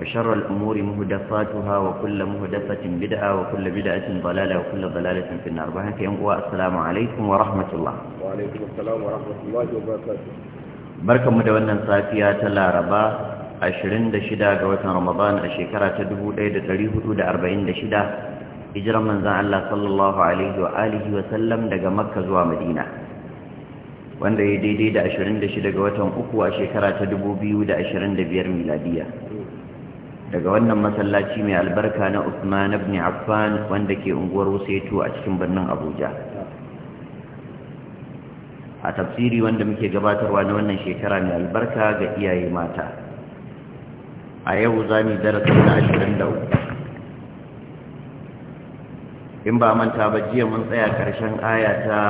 وشر الأمور مهدفاتها وكل مهدفة بدعة وكل بدعة ضلالة وكل ضلالة في النار بهك ينقوى السلام عليكم ورحمة الله وعليكم السلام ورحمة الله وبركاته بركة مدونة صافية تلاربا أشرين دشدا قوة رمضان الشكرة تدبو ليدة تريه تودة أربعين دشدا إجرى من ذا الله صلى الله عليه وآله وسلم دقى مكة زوى مدينة wanda ya daidai da 26 ga watan uku a shekara ta 2025 miladiya daga wannan masallaci mai albarka na Usman ibn Affan wanda ke unguwar Wuseto a cikin birnin Abuja a tafsiri wanda muke gabatarwa na wannan shekara mai albarka ga iyaye mata a yau za mu na ashirin in ba manta ba jiya mun tsaya karshen aya ta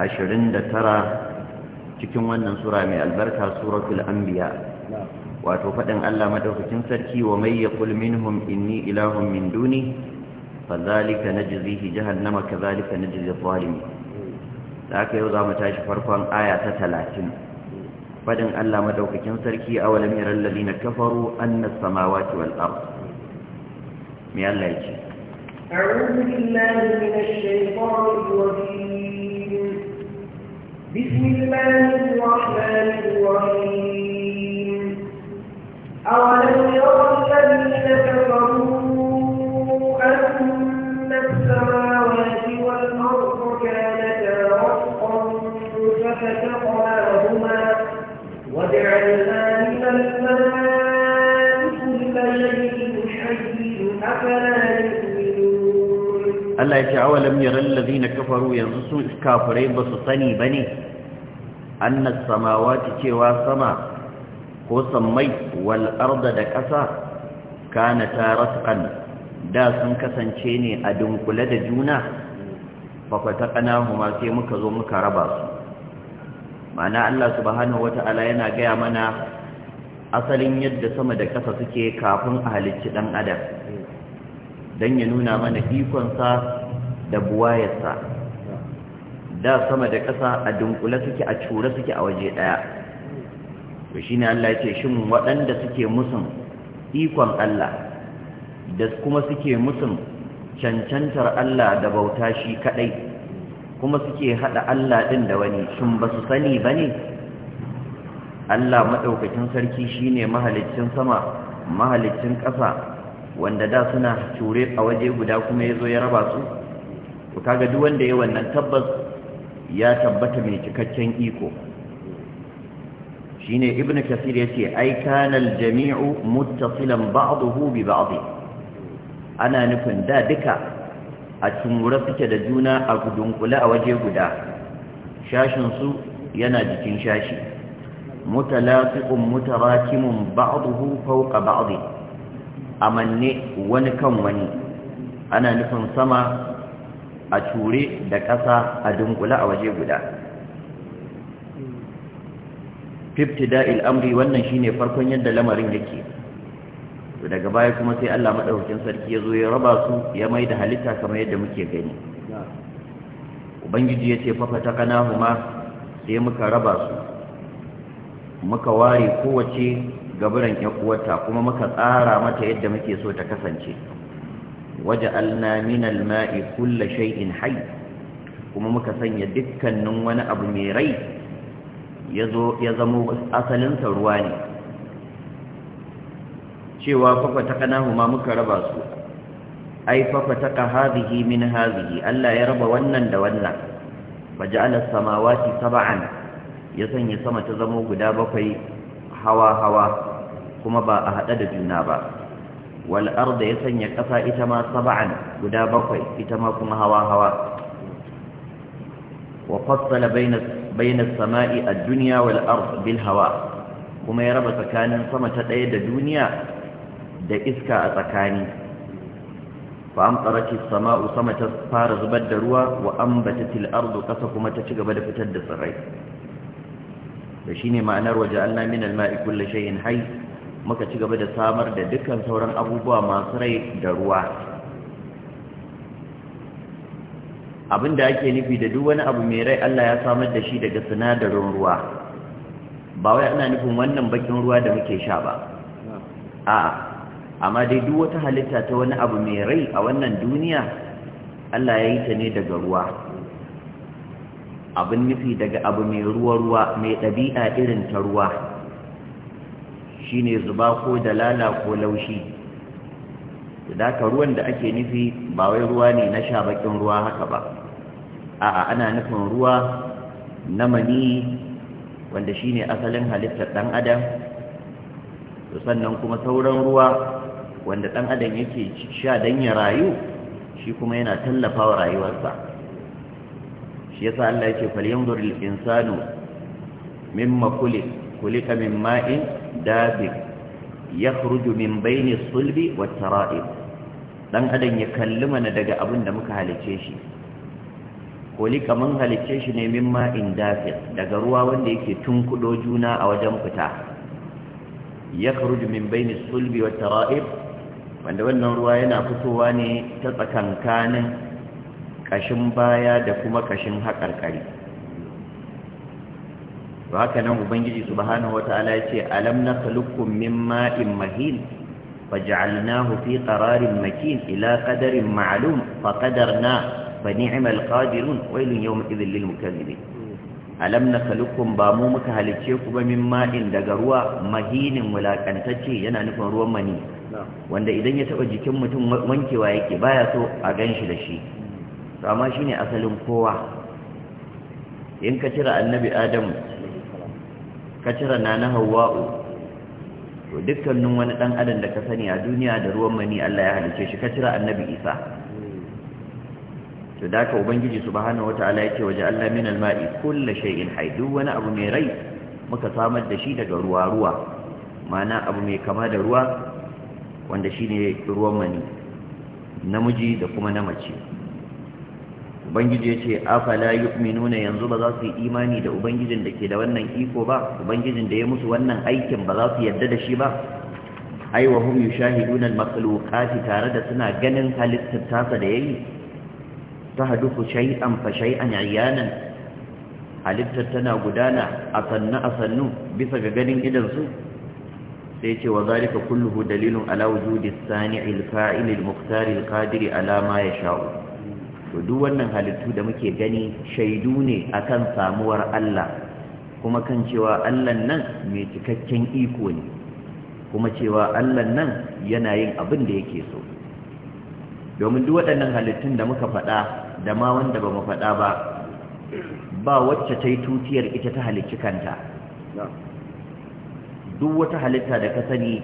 ashirin tara cikin wannan sura mai albarka suratul anbiya wato faɗin Allah madaukakin sarki wa may yaqul minhum inni ilahun min duni fadhalika najzihi jahannama kadhalika najzi zalimin da aka yau zamu tashi farkon aya ta 30 faɗin Allah madaukakin sarki awalam yaral ladina kafaru anna as-samawati wal ard me Allah yake أعوذ بالله من الشيطان الرجيم بسم الله الرحمن الرحيم أولم يرى الذين كفروا أن السماوات والأرض كانتا رفقا ففتقناهما وجعلنا من الماء كل شيء حي أفلا يؤمنون الله يتعوى ولم ير الذين كفروا ينصوا كافرين بسطني بني أن السماوات كوا سماوات ko sammai wal arda da ƙasa kana ta da sun kasance ne a dunkule da juna fa ƙanahuma huma sai muka zo muka raba su ma'ana Allah subhanahu wata'ala yana gaya mana asalin yadda sama da ƙasa suke kafin a halicci dan adam dan ya nuna mana ikon sa da buwayarsa da sama da ƙasa a dunkule suke a cure suke a waje ɗaya to ne Allah ya ce shin waɗanda suke musun ikon Allah da kuma suke musun cancantar Allah da bauta shi kaɗai kuma suke haɗa Allah ɗin da wani shin ba su sani ne? Allah madaukakin sarki shine mahaliccin sama mahaliccin ƙasa wanda da suna ture a waje guda kuma ya zo ya raba su to kaga duk wanda ya wannan tabbas ya tabbata mai cikakken iko shine ibnu kasir yace ai kana aljami'u muttasilan ba'dahu bi ba'd ana nufin da duka a tumura suke da juna a dunkule a waje guda shashin su yana jikin shashi mutalafiqun mutarakimun ba'dahu fawqa ba'd amanne wani kan wani ana nufin sama a ture da ƙasa a dunkule a waje guda fiftida'il amri wannan shine farkon yadda lamarin yake daga baya kuma sai Allah madaukakin sarki ya zo ya raba su ya mai da halitta kamar yadda muke gani ubangiji ya ce ma sai muka raba su muka ware kowace gaburan yakuwarta kuma muka tsara mata yadda muke so ta kasance waje alnaminal ma'i kulla shay'in hayy kuma muka sanya dukkanin wani abu mai rai ya zamo asalinsa ruwa ne cewa fafataka kanahu ma muka raba su ai fafataka hazihi min hazihi Allah ya raba wannan da wannan faja'ala samawati sab'an ya sanya sama ta zamo guda bakwai hawa hawa kuma ba a hada da juna ba wal da ya sanya kasa ita ma sab'an guda bakwai ita ma kuma hawa hawa wa fassala bainas Baina sama'i a Duniya wal ard bil hawa kuma ya raba tsakanin sama ta ɗaya da duniya da iska a tsakani fa amtarati as-sama'u sama ta fara zubar da ruwa wa ambatatil ardu kasa kuma ta ci gaba da fitar da tsirrai da shine ma'anar waja'alna min al-ma'i kulli shay'in hayy muka ci gaba da samar da dukkan sauran abubuwa masu rai da ruwa abin da ake nufi da duk wani abu mai rai Allah ya samar da shi daga sinadarin ruwa ba wai ana nufin wannan bakin ruwa da muke sha ba a amma dai duk wata halitta ta wani abu mai rai a wannan duniya Allah ya yi ta ne daga ruwa abin nufi daga abu mai ruwa-ruwa mai ɗabi'a irin ta ruwa Shi ne zuba ko dalala ko laushi da ruwan da ake nufi ba wai ruwa ne na sha bakin ruwa haka ba a'a ana nufin ruwa na mani wanda shine asalin halittar dan adam to sannan kuma sauran ruwa wanda dan adam yake sha dan ya rayu shi kuma yana tallafawa rayuwarsa shi yasa Allah yake falyanzur lil insanu mimma khuliq khuliqa min ma'in dabiq yakhruju min bayni sulbi wat tara'ib dan adam ya kalli mana daga abin da muka halice shi koli kaman halicce shi ne min ma'in dafir daga ruwa wanda yake tunkudo juna a wajen fita ya kharuju min baini sulbi wa tara'ib wanda wannan ruwa yana fitowa ne ta tsakankanin kashin baya da kuma kashin haƙarƙari to haka nan ubangiji subhanahu wata'ala ya ce alam nakhluqukum min ma'in mahin faj'alnahu fi qararin makin ila qadarin ma'lum na. فنعم القادرون ويل يومئذ للمكذبين alam na kalukun ba mu muka halicce ku ba min ma'in daga ruwa mahinin wulakantacce yana nufin ruwan mani wanda idan ya taba jikin mutum wankewa yake baya so a gan shi da shi to amma shine asalin kowa in ka cira annabi adamu ka cira nana hawwa'u to dukkanin wani dan adam da ka sani a duniya da ruwan mani Allah ya halicce shi ka cira annabi isa to da su ubangiji subhanahu wataala yake waje Allah min alma'i kullu shay'in duk wani abu mai rai muka samar da shi daga ruwa ruwa ma'ana abu mai kama da ruwa wanda shine ruwan mani namiji da kuma na mace ubangiji ya ce afala yu'minuna yanzu ba za su yi imani da ubangijin da ke da wannan iko ba ubangijin da ya musu wannan aikin ba za su yarda da shi ba aiwa wa hum yushahiduna al-makhluqati tare da suna ganin halittar tasa da yayi tahdufu shay'an fa shay'an halittar tana gudana a sannu a sannu bisa ga ganin idansu sai ce wa zalika kulluhu dalilun ala wujudi sani'il fa'ilil muqtaril qadiri ala ma yasha'u to duk wannan halittu da muke gani shaidu ne akan samuwar Allah kuma kan cewa Allah nan mai cikakken iko ne kuma cewa Allah nan yana yin abin da yake so domin duk waɗannan halittun da muka faɗa da ma wanda ba mu faɗa ba ba wacce ta yi tutiyar ita ta halicci kanta duk wata halitta da ka sani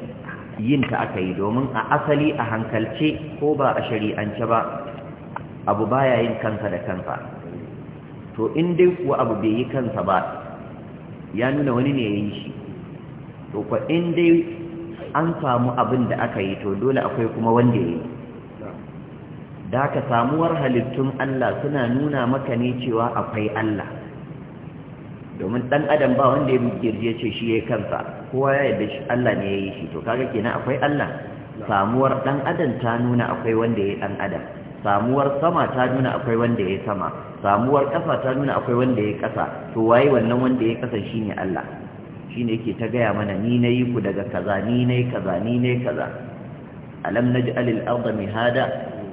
yinta aka yi domin a asali a hankalce ko ba a shari'ance ba abu baya yin kansa da kansa to in dai kuwa abu bai yi kansa ba ya nuna wani ne ya shi to kwa in dai an samu abin da aka yi to dole akwai kuma wanda ya yi da ka samuwar halittun Allah suna nuna maka ne cewa akwai Allah domin dan adam ba wanda ya girje ce shi yi kansa kowa ya yi shi Allah ne yayi shi to kaga kenan akwai Allah samuwar dan adam ta nuna akwai wanda yi dan adam samuwar sama ta nuna akwai wanda yi sama samuwar ƙasa ta nuna akwai wanda yi ƙasa to waye wannan wanda yi ƙasa shine Allah shine yake ta gaya mana ni nayi ku daga kaza ni nayi kaza ni nayi kaza alam naj'alil arda mihada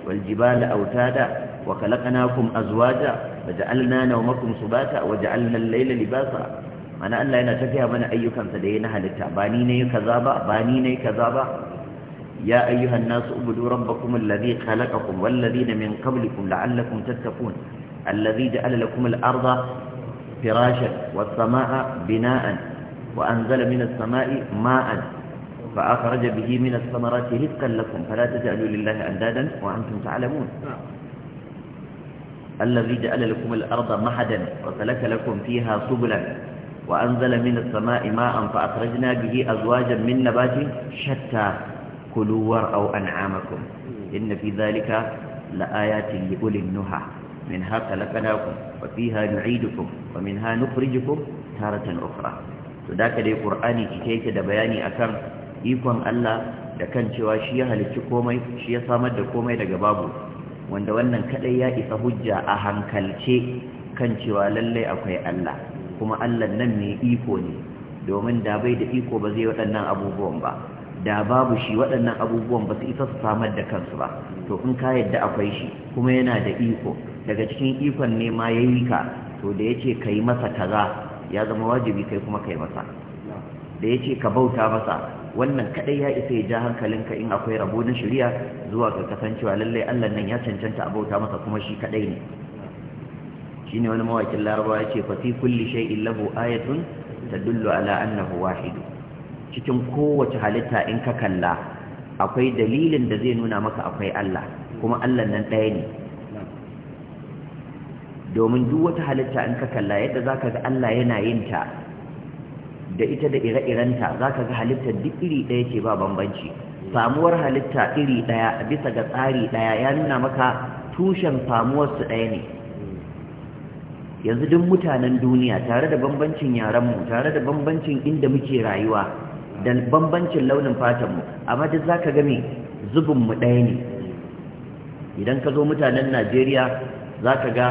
والجبال أوتادا وخلقناكم أزواجا وجعلنا نومكم سباتا وجعلنا الليل لباسا أنا أن لا ينتفي من أيكم تدين هلتا كذابا بانيني كذابا يا أيها الناس أبدوا ربكم الذي خلقكم والذين من قبلكم لعلكم تتقون الذي جعل لكم الأرض فراشا والسماء بناء وأنزل من السماء ماء فأخرج به من الثمرات رزقا لكم فلا تجعلوا لله أندادا وأنتم تعلمون الذي جعل لكم الأرض محدا وسلك لكم فيها سبلا وأنزل من السماء ماء فأخرجنا به أزواجا من نبات شتى كلوا وارأوا أنعامكم إن في ذلك لآيات لأولي النهى منها خلقناكم وفيها نعيدكم ومنها نخرجكم تارة أخرى فذاك دي قرآني كيكي دا بياني أكم ikon Allah da kan cewa shi ya halicci komai shi ya samar da komai daga babu wanda wannan kadai ya isa hujja a hankalce kan cewa lallai akwai Allah kuma Allah nan mai iko ne domin da bai da iko ba zai waɗannan abubuwan ba da babu shi waɗannan abubuwan ba su isa su samar da kansu ba to in ka yadda akwai shi kuma yana da iko daga cikin ikon ne ma yayi ka to da yace kai masa kaza ya zama wajibi kai kuma kai masa da ya ce ka bauta masa wannan kadai ya isa ya ja hankalinka in akwai rabo na shirya zuwa ga kasancewa lallai allan nan ya cancanta a bauta masa kuma shi kadai ne ne wani mawakin Laraba ya ce Fafi kulli shai lahu ayatun tadullu ala annahu wahid cikin kowace halitta in ka kalla akwai dalilin da zai nuna maka akwai Allah kuma Allah nan ɗaya ne domin duk wata halitta in ka kalla yadda zaka ga Allah yana yin ta da ita da ire-irenta za ka ga halitta duk iri ɗaya ke ba bambanci samuwar halitta iri ɗaya bisa ga tsari ɗaya ya nuna maka tushen samuwarsu ɗaya ne yanzu duk mutanen duniya tare da bambancin yarenmu tare da bambancin inda muke rayuwa da bambancin launin fatanmu amma duk za ka gami zubinmu ɗaya ne idan ka zo mutanen najeriya za ka ga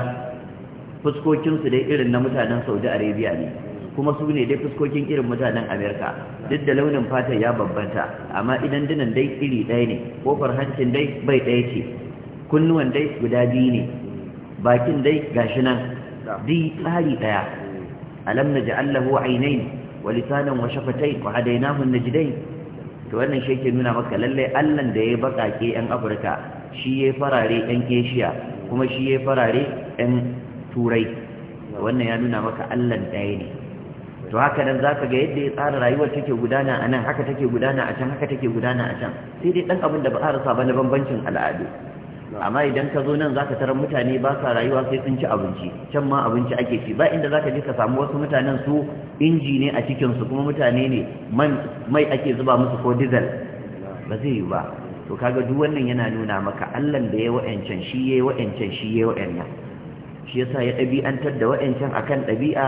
fuskokinsu dai irin na mutanen saudi arabia ne kuma su ne dai fuskokin irin mutanen amerika duk da launin fata ya bambanta amma idan dinan dai iri ɗaya ne kofar hancin dai bai ɗaya ce kunnuwan dai guda biyu ne bakin dai gashi nan duk tsari ɗaya alam na ja'allahu ainain wa lisanan wa shafatai wa ji najdai to wannan shi ke nuna maka lalle allan da ya bakake yan afirka shi ya farare yan keshiya kuma shi ya farare yan turai wannan ya nuna maka allan ɗaya ne to haka nan za ka ga yadda ya tsara rayuwar take gudana a nan haka take gudana a can haka take gudana a can sai dai dan abin da ba a rasa ba na bambancin al'adu amma idan ka zo nan za ka tarar mutane ba sa rayuwa sai sun ci abinci can ma abinci ake ci ba inda za ka je ka samu wasu mutanen su inji ne a cikinsu kuma mutane ne mai ake zuba musu ko dizal ba zai yi ba to kaga duk wannan yana nuna maka allan da ya wa'ancan shi ya wa'ancan shi ya wa'annan shi yasa ya ɗabi'antar da wa'ancan akan ɗabi'a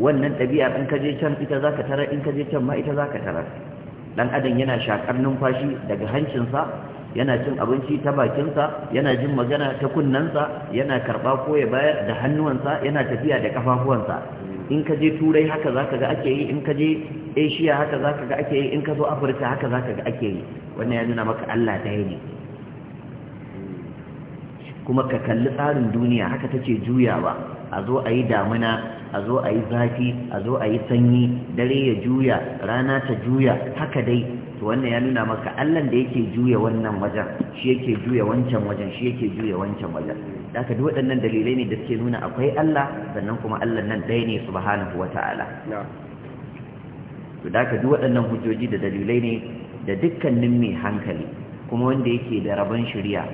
wannan ɗabi'a in ka je can ita za ka tarar in ka je can ma ita za ka tarar ɗan adam yana shaƙar numfashi daga hancinsa yana cin abinci ta bakinsa yana jin magana ta kunnensa yana karɓa ko ya bayar da hannuwansa yana tafiya da kafafuwansa in ka je turai haka za ka ga ake yi in ka je asia haka za ka ga ake yi in ka zo afirka haka za ka ga ake yi wannan ya nuna maka allah ɗaya ne kuma ka kalli tsarin duniya haka ta take juyawa a zo a yi damuna a zo a yi zafi a zo a yi sanyi dare ya juya rana ta juya haka dai to wannan ya nuna maka allan da yake juya wannan wajen shi yake juya wancan wajen shi yake juya wancan wajen daga duk waɗannan dalilai ne da suke nuna akwai allah sannan kuma allah nan ɗaya ne subhanahu wata'ala to daga duk waɗannan hujjoji da dalilai ne da dukkanin mai hankali kuma wanda yake da rabon shirya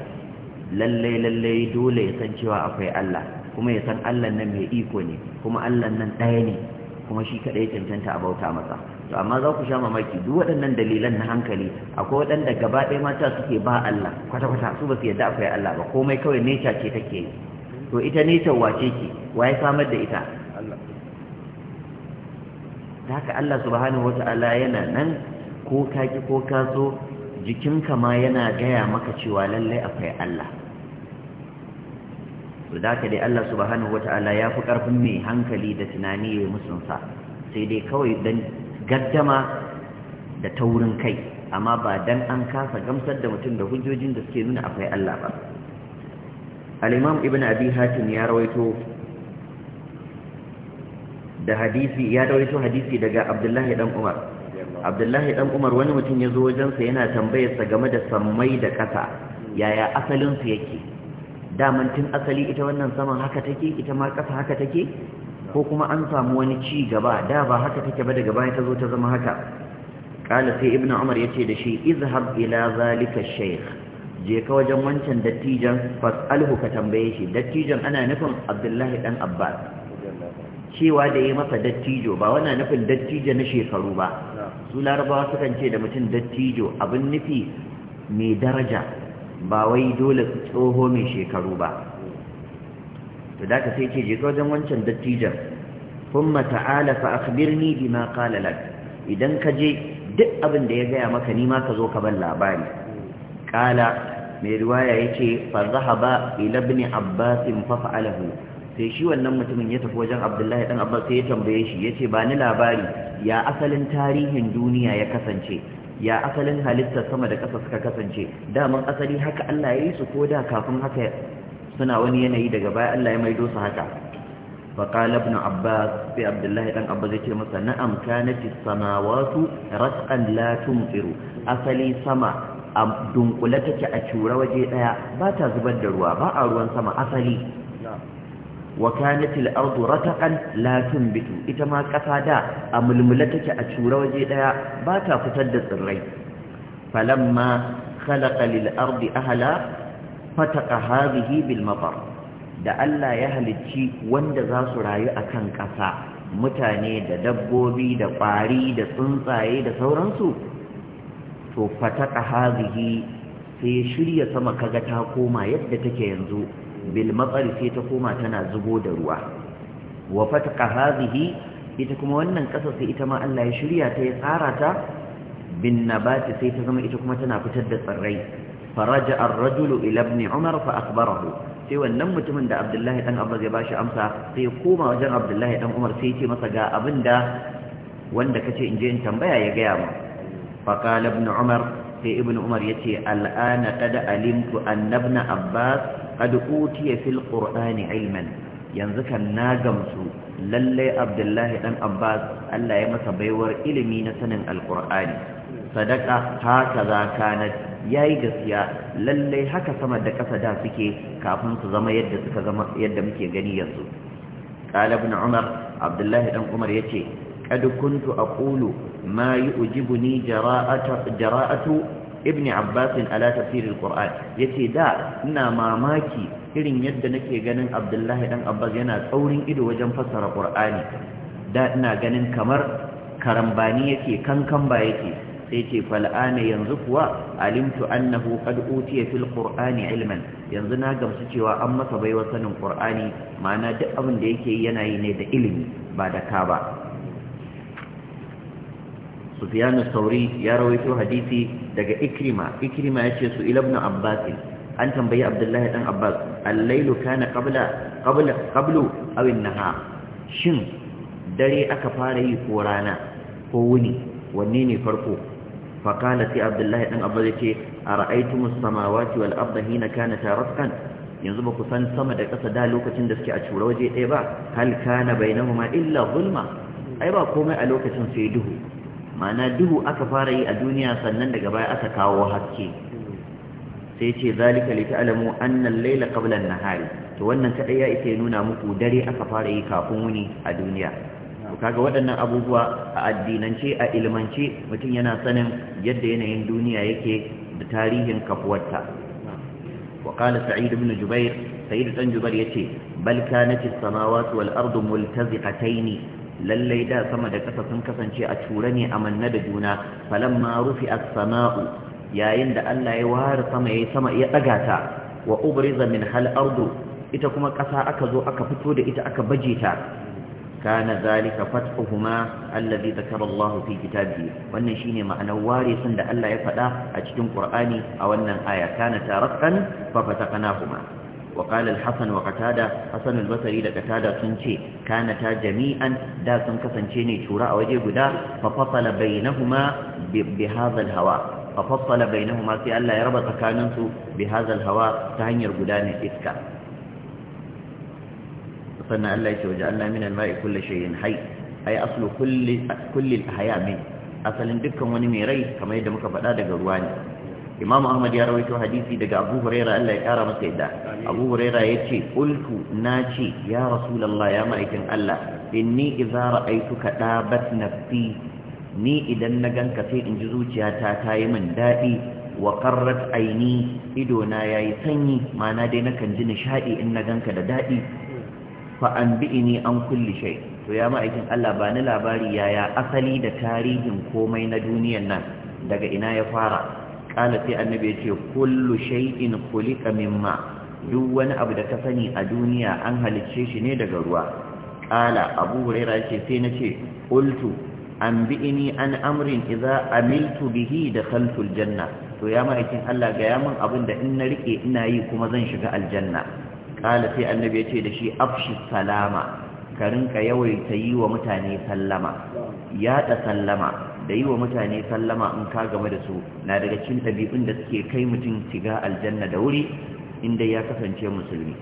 lallai lallai dole ya san cewa akwai allah kuma ya san Allah nan mai iko ne kuma Allah nan ɗaya ne kuma shi kaɗai cancanta a bauta masa to amma za ku sha mamaki duk waɗannan dalilan na hankali akwai waɗanda gaba ɗaya mata suke ba Allah kwata-kwata su ba su yadda akwai Allah ba komai kawai neca ce take yi to ita neca wace ce waye samar da ita da haka Allah subhanahu wa ta'ala yana nan ko ka ki ko ka zo jikinka ma yana gaya maka cewa lallai akwai Allah to da ka dai Allah subhanahu wata'ala ya fi karfin mai hankali da tunani ya musulunsa sai dai kawai dan gaddama da taurin kai amma ba dan an kasa gamsar da mutum da hujjojin da suke nuna akwai Allah ba al-imam ibn abi hatim ya rawaito da hadisi ya rawaito hadisi daga abdullahi dan umar abdullahi dan umar wani mutum ya zo wajensa yana tambayarsa game da sammai da ƙasa yaya asalinsu yake damancin asali ita wannan saman haka take ita ma ƙasa haka take ko kuma an samu wani ci gaba da ba haka take ba daga baya ta zo ta zama haka kala sai ibnu umar yace da shi izhab ila zalika shaykh je ka wajen wancan dattijan fasalhu ka tambaye shi dattijan ana nufin abdullahi dan abbas cewa da ya masa dattijo ba wana nufin dattijo na shekaru ba su larabawa sukan ce da mutum dattijo abin nufi mai daraja ba wai dole tsoho mai shekaru ba to da ka sai ce je wajen wancan dattijan kuma ta'ala fa akhbirni bima qala lak idan ka je duk abin da ya gaya maka ni ma ka zo ka ban labari qala mai riwaya yace fa zahaba ila ibn abbas fa fa'alahu sai shi wannan mutumin ya tafi wajen abdullahi dan abbas sai ya tambaye shi yace ba ni labari ya asalin tarihin duniya ya kasance ya asalin halittar sama da ƙasa suka kasance daman asali haka Allah ya yi su ko da kafin haka suna wani yanayi daga baya Allah ya maido su haka فقال ابن عباس في عبد الله بن عباس يقول مثلا نعم كانت السماوات رتقا لا تمطر أصلي سما أم دنقلتك أشور وجه ديا باتا زبد الروا با ruwan sama asali. wa kanatil ardu rataqan la tunbitu ita ma kasa da a mulmula take a cura waje daya ba ta fitar da tsirrai falamma khalaqa lil ardi ahla fataqa hadhihi bil matar da Allah ya halicci wanda za su rayu akan kasa mutane da dabbobi da ƙwari da tsuntsaye da sauransu to fataqa hadhihi sai shirya sama kaga ta koma yadda take yanzu bil sai ta koma tana zubo da ruwa wa fatqa hazihi. ita kuma wannan ƙasa sai ita ma Allah ya shirya ta ya tsara ta bin nabati sai ta zama ita kuma tana fitar da tsirrai faraja ar-rajulu ila ibn umar fa akhbarahu sai wannan mutumin da Abdullahi dan Abbas ya bashi amsa sai ya koma wajen Abdullahi dan Umar sai ya ce masa ga abinda wanda kace in je in tambaya ya gaya mu fa qala ibn umar sai ibn umar yace al'ana qad alimtu anna ibn abbas qad utiya fil qur'ani yanzu kan na gamsu lalle abdullahi Ɗan abbas Allah ya masa baiwar ilimi na sanin alqur'ani sadaka haka za kanat yayi gaskiya lallai haka sama da ƙasa da suke kafin su zama yadda suka zama yadda muke gani yanzu قال ابن عمر عبد الله بن عمر يتي قد كنت أقول ما يؤجبني جراءة, جراءة ibn abbas ala tafsir ya yace da ina mamaki irin yadda nake ganin abdullahi dan abbas yana tsaurin ido wajen fassara qur'ani da ina ganin kamar karambani yake kankan ba yake sai ce fal'ana yanzu kuwa alimtu annahu qad utiya fil qur'ani ilman yanzu na gamsu cewa an masa baiwa sanin qur'ani ma'ana duk abin da yake yana yi ne da ilimi ba da ka ba سفيان الثوري يروي حديثي دقى إكرمة إكرمة يشيس إلى ابن عباس أن تنبي عبد الله بن عباس الليل كان قبل قبل قبل أو النهار شن دري أكفاري كورانا كوني ونيني فرقو فقالت عبد الله بن عباس أرأيتم السماوات والأرض حين كانتا رتقا yanzu ba ku san sama da ƙasa da lokacin da suke a cura waje ɗaya ba hal kana bainahuma illa zulma ai ba komai a lokacin sai duhu ma'ana duhu aka fara yi a duniya sannan daga baya aka kawo haske sai ce zalika li ta'lamu anna al-layla qabla an-nahari to wannan kadai ya ita nuna muku dare aka fara yi kafin wuni a duniya to kaga waɗannan abubuwa a addinance a ilmance mutum yana sanin yadda yanayin duniya yake da tarihin kafuwarta wa qala sa'id ibn jubair sa'id ibn jubair yace bal kanat as-samawati wal ardu multaziqatayn lallai da sama da ƙasa sun kasance a ture ne a manna da juna ma rufi a samau yayin da Allah ya ware sama yayi sama ya ɗaga ta wa ubriza min hal ardu ita kuma ƙasa aka zo aka fito da ita aka baje ta kana zalika fathuhuma alladhi dhakara Allah fi biyu? wannan shine ma'anar ware sun da Allah ya faɗa a cikin Qur'ani a wannan aya kana taratan fa fataqnahuma وقال الحسن وقتادة حسن البصري لقتادة سنشي كانتا جميعا دا سنكسنشيني شوراء وجيب دا ففصل بينهما بهذا الهواء ففصل بينهما في ألا يربط كاننسو بهذا الهواء تهنير قدان إسكا فصلنا ألا يتوجعلنا من الماء كل شيء حي أي أصل كل, كل الأحياء منه asalin dukkan wani mai rai kamar yadda muka faɗa daga ruwa ne imam ahmad ya rawaito hadisi daga abu huraira Allah ya kara masa yadda abu huraira yace na ce, ya rasulallah ya ma'aikin Allah inni idza ra'aituka dabat nafsi ni idan na ka sai in ji zuciyata ta yi min daɗi wa qarrat aini ido na yayi sanyi mana dai nakan ji nishadi in na ganka da daɗi? fa anbi'ini an kulli shay to ya ma'aikin Allah ba ni labari yaya asali da tarihin komai na duniyar nan daga ina ya fara kala sai annabi ya ce kullu shay'in khuliqa mimma duk wani abu da ka sani a duniya an halicce shi ne daga ruwa kala abu huraira ce sai na ce qultu anbi'ini an amrin idza amiltu bihi dakhaltu aljanna to ya ma'aikin Allah ga ya min abin da in na rike ina yi kuma zan shiga aljanna kala sai annabi ya ce da shi afshi salama ka rinka yawaita yi wa mutane sallama yaɗa sallama da yi wa mutane sallama in ka game da su na daga cikin ɗabi'un da suke kai mutum shiga aljanna da wuri inda ya kasance musulmi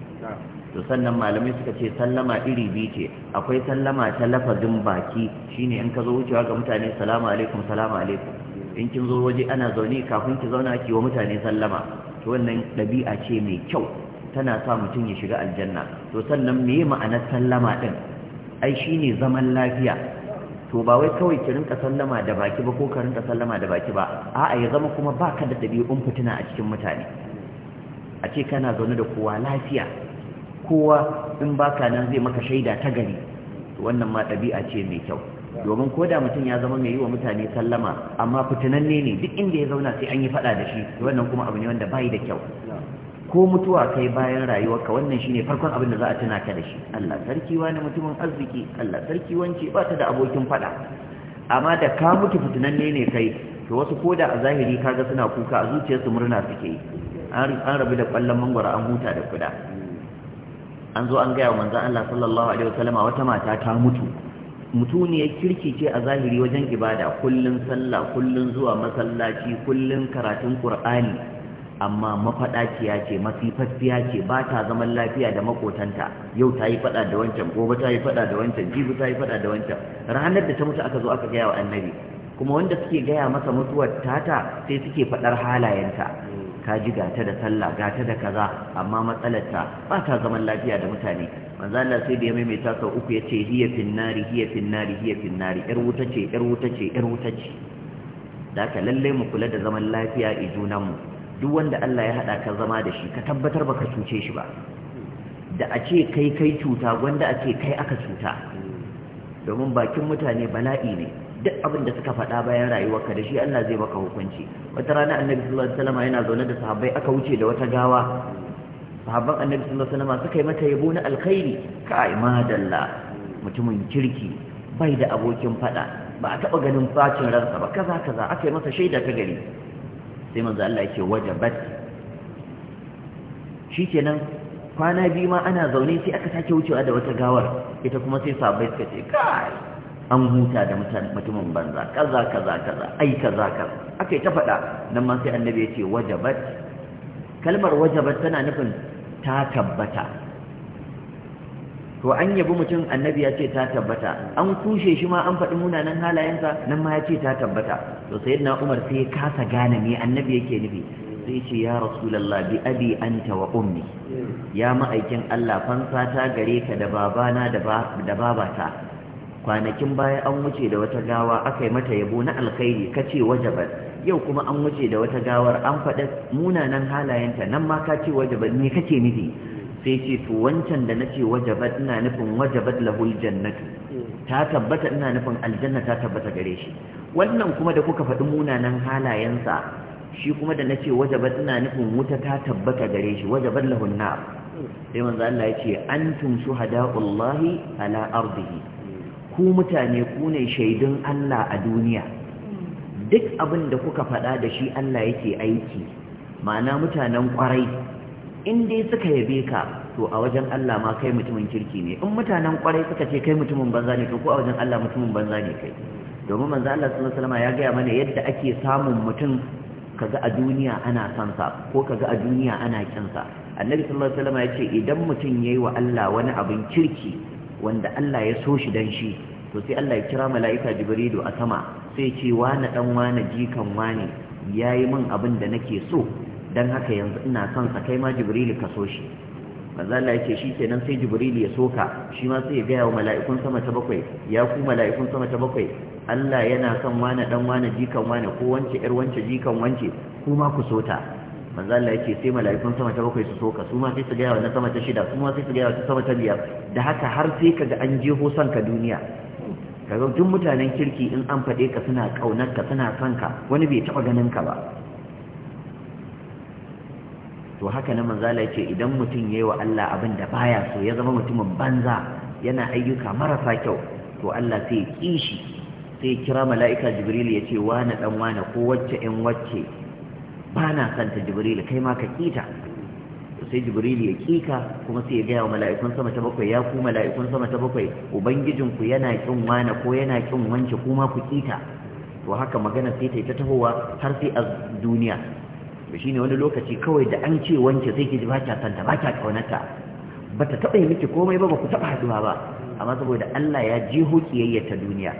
to sannan malamai suka ce sallama iri biyu ce akwai sallama ta lafazin baki shine in ka zo wucewa ga mutane salamu alaikum salamu alaikum in kin zo waje ana zaune kafin ki zauna ki wa mutane sallama to wannan ɗabi'a ce mai kyau tana sa mutum ya shiga aljanna to sannan meye ma'anar sallama ɗin ai shine zaman lafiya to ba wai kawai ki rinka sallama da baki ba ko ka rinka sallama da baki ba a'a ya zama kuma baka da dabi'un fitina a cikin mutane a ce kana zaune da kowa lafiya kowa in baka nan zai maka shaida ta gari wannan ma ɗabi'a ce mai kyau domin ko da mutum ya zama mai yi wa mutane sallama amma fitinanne ne duk inda ya zauna sai an yi faɗa da shi wannan kuma abu ne wanda bai da kyau ko mutuwa kai bayan rayuwarka wannan shine farkon abin da za a tuna ka da shi Allah sarki wani mutumin arziki Allah sarki wanci ba ta da abokin fada amma da ka mutu fitinanne ne kai to wasu koda a zahiri kaga suna kuka a zuciyarsu murna suke yi an rabu da kwallon mangwara an huta da kuda an zo an gaya wa manzan Allah sallallahu alaihi wasallama wata mata ta mutu ya kirki ce a zahiri wajen ibada kullun sallah kullun zuwa masallaci kullun karatun qur'ani amma mafaɗaciya ce mafifafiya ce ba ta zaman lafiya da makotanta yau ta yi faɗa da wancan gobe ta yi faɗa da wancan jibi ta yi faɗa da wancan ranar da ta mutu aka zo aka gaya wa annabi kuma wanda suke gaya masa mutuwar tata sai suke faɗar halayenta ka ji gata da sallah gata da kaza amma matsalarta ba ta zaman lafiya da mutane manzo Allah sai da ya maimaita sau uku ya ce hiya finnari hiya finnari hiya finnari yar wuta ce yar wuta ce yar wuta ce da ka lalle mu kula da zaman lafiya i junanmu duk wanda Allah ya haɗa ka zama da shi ka tabbatar ba ka cuce shi ba da a ce kai kai cuta gwanda a ce kai aka cuta domin bakin mutane bala'i ne duk abin da suka faɗa bayan rayuwarka da shi Allah zai baka hukunci wata rana annabi sallallahu alaihi wasallam yana zaune da sahabbai aka wuce da wata gawa sahabban annabi sallallahu alaihi wasallam suka yi mata yabo na alkhairi kai madalla mutumin kirki bai da abokin faɗa ba a taɓa ganin bacin ransa ba kaza kaza aka yi masa shaida ta gari sai manzo Allah yake wajabat shikenan kwana biyu ma ana zaune sai aka sake wucewa da wata gawar ita kuma sai sabai suka ce kai an huta da mutumin banza kaza kaza kaza ai kaza kaza akai ta faɗa nan ma sai annabi yake wajabat kalmar wajabat tana nufin ta tabbata to an yabi mutum annabi ya ce ta tabbata an kushe shi ma an faɗi munanan halayensa nan ma ya ce ta tabbata to na Umar sai ya kasa gane me annabi yake nufi sai ce ya rasulallah bi abi anta wa ummi ya ma'aikin Allah fansa ta gare ka da babana da babata kwanakin baya an wuce da wata gawa aka yi mata yabo na alkhairi ka ce wajabar yau kuma an wuce da wata gawar an faɗa munanan halayenta nan ma ka ce wajabar me kake nufi sai ce to wancan da nace wajabat ina nufin wajabat lahul jannatu ta tabbata ina nufin aljanna ta tabbata gare shi wannan kuma da kuka faɗi munanan halayensa shi kuma da nace wajabat ina nufin wuta ta tabbata gare shi wajabat lahul nar sai manzo Allah ya ce antum shuhada'ullahi ala ardihi ku mutane ku ne shaidun Allah a duniya duk abin da kuka faɗa da shi Allah yake aiki ma'ana mutanen ƙwarai in dai suka yabe ka to a wajen Allah ma kai mutumin kirki ne in mutanen kwarai suka ce kai mutumin banza ne to ko a wajen Allah mutumin banza ne kai domin manzo Allah sallallahu alaihi wasallam ya gaya mana yadda ake samun mutum kaga a duniya ana san sa ko kaga a duniya ana kin sa annabi sallallahu alaihi wasallam ya ce idan mutum yayi wa Allah wani abin kirki wanda Allah ya so shi dan shi to sai Allah ya kira mala'ika Jibrilu a sama sai ce wani dan wani jikan wani yayi min abin da nake so dan haka yanzu ina son sa kai ma jibrilu ka so shi manzo Allah yake shi kenan sai jibrilu ya soka shi ma sai ya gaya wa mala'ikun sama ta bakwai ya ku mala'ikun sama ta bakwai Allah yana son wani dan wani jikan wani ko wance ƴar wance jikan wance ma ku sota manzo Allah yake sai mala'ikun sama ta bakwai su soka su ma sai su gaya wa na sama ta shida kuma sai su gaya wa ta sama ta biyar da haka har sai ka ga an jeho son ka duniya kaga duk mutanen kirki in an faɗe ka suna ƙaunar ka suna son ka wani bai taɓa ganin ka ba to haka na manzala ya ce idan mutum ya yi wa Allah abin da baya so ya zama mutumin banza yana ayyuka marasa kyau to Allah sai ya ƙi shi sai ya kira mala'ika jibril ya ce wane ɗan wane ko wacce in wacce ba na santa jibril kai ma ka ƙita sai jibril ya ƙika kuma sai ya gaya wa mala'ikun sama ta bakwai ya ku mala'ikun sama ta bakwai Ubangijin ku yana ƙin wane ko yana ƙin wance kuma ku ƙita to haka magana sai ta yi ta tahowa har sai a duniya to shine wani lokaci kawai da an ce wance zai ki ji ba kya santa ba kya kaunata ba ta taɓa yi miki komai ba ba ku taɓa haɗuwa ba amma saboda Allah ya je hukiyayya ta duniya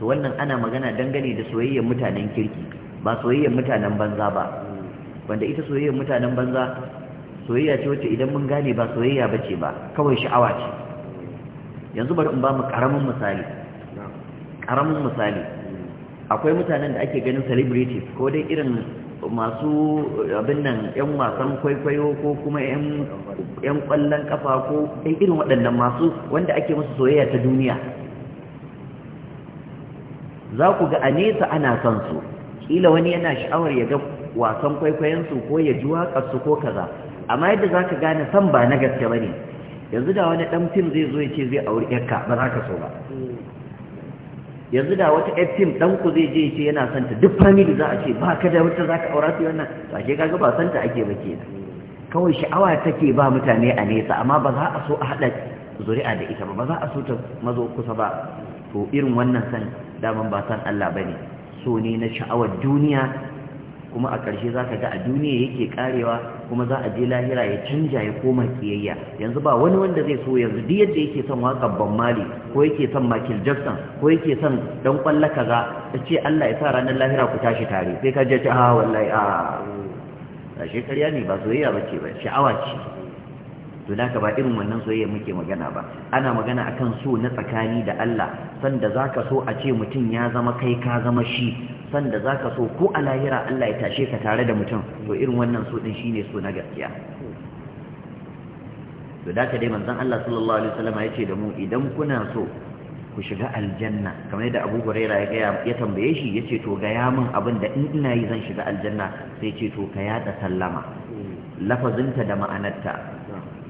to wannan ana magana dangane da soyayyar mutanen kirki ba soyayyar mutanen banza ba wanda ita soyayyar mutanen banza soyayya ce wacce idan mun gane ba soyayya bace ba kawai sha'awa ce yanzu bari in ba mu karamin misali karamin misali akwai mutanen da ake ganin celebrities ko dai irin masu abin nan yan wasan kwaikwayo ko kuma yan kwallon kafa ko ɗan irin waɗannan masu wanda ake musu soyayya ta duniya za ku ga a nesa ana son su ƙila wani yana sha'awar ya ga wasan kwaikwayonsu ko ya ji waƙarsu ko kaza amma yadda za ka gane san ba na gaske ba ne yanzu da wani ɗan fim zai zo ya ce zai auri yarka ba za ka so ba yanzu da wata fm dan ku zai je ce yana son ta duk family za a ce ba ka da wata za ka aura su wannan to ke kaga ba santa ta ake ba ke kenan kawai sha'awa take ba mutane a nesa amma ba za a so a haɗa zuri'a da ita ba ba za a so ta mazo kusa ba to irin wannan san daman ba san Allah bane so ne na sha'awar duniya kuma a ƙarshe za ka ga a duniya yake ƙarewa kuma za a je lahira ya canja ya koma kiyayya yanzu ba wani wanda zai so yanzu duk yadda yake son waƙar ban mali ko yake son michael jackson ko yake son dan kwalla kaza ta ce allah ya sa ranar lahira ku tashi tare sai ka je ta a ah, wallahi a ah, a shekarya ne ba soyayya ba ce ba sha'awa ce to da ba irin wannan soyayya muke magana ba ana magana akan so na tsakani da Allah sanda zaka so a ce mutum ya zama kai ka zama shi sanda zaka so ko a lahira Allah ya tashe ka tare da mutum to irin wannan so din shine so na gaskiya to da ka dai manzon Allah sallallahu alaihi wasallam ya ce da mu idan kuna so ku shiga aljanna kamar yadda Abu Huraira ya ya tambaye shi yace to ga min abin da in ina yi zan shiga aljanna sai ce to ka yada sallama lafazinta da ma'anarta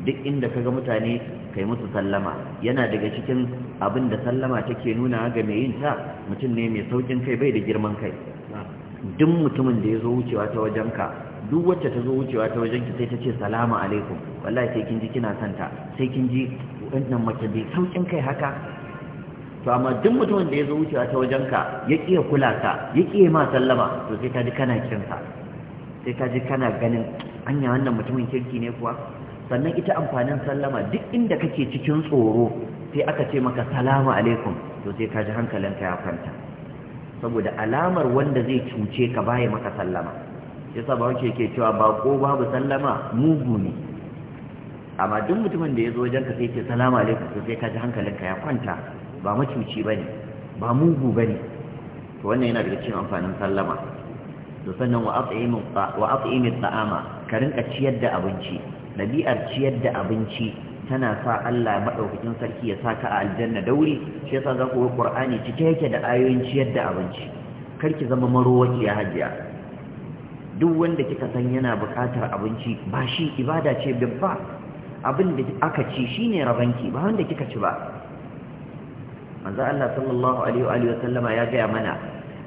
duk inda kaga mutane kai musu sallama yana daga cikin abin da sallama take nuna ga mai yin ta mutum ne mai saukin kai bai da girman kai duk mutumin da ya zo wucewa ta wajenka duk wacce ta zo wucewa ta wajenki sai ta ce salamu alaikum wallahi sai kin ji kina santa sai kin ji wannan mace bai saukin kai haka to amma duk mutumin da ya zo wucewa ta wajenka ya kiya kula ka ya kiya ma sallama to sai ka ji kana kinsa sai ka ji kana ganin anya wannan mutumin kirki ne kuwa sannan ita amfanin sallama duk inda kake cikin tsoro sai aka ce maka salamu alaikum to sai ka ji hankalinka ya kwanta saboda alamar wanda zai cuce ka baya maka sallama Ya ba wake ke cewa ba ko babu sallama mugu ne amma duk mutumin da ya zo wajenka sai ke salamu alaikum to sai ka ji hankalinka ya kwanta ba macuci bane ba mugu bane to wannan yana daga cikin amfanin sallama to sannan wa at'imu wa at'imi ta'ama ka rinka ciyar da abinci ɗabi'ar ciyar da abinci tana sa Allah maɗaukakin sarki ya ka a aljanna da wuri shi yasa za ku ga ƙur'ani cike yake da ayoyin ciyar da abinci kar ki zama marowaci ya hajiya duk wanda kika san yana buƙatar abinci ba shi ibada ce babba abin da aka ci shine rabanki ba wanda kika ci ba manzo Allah sallallahu alaihi wa sallama ya gaya mana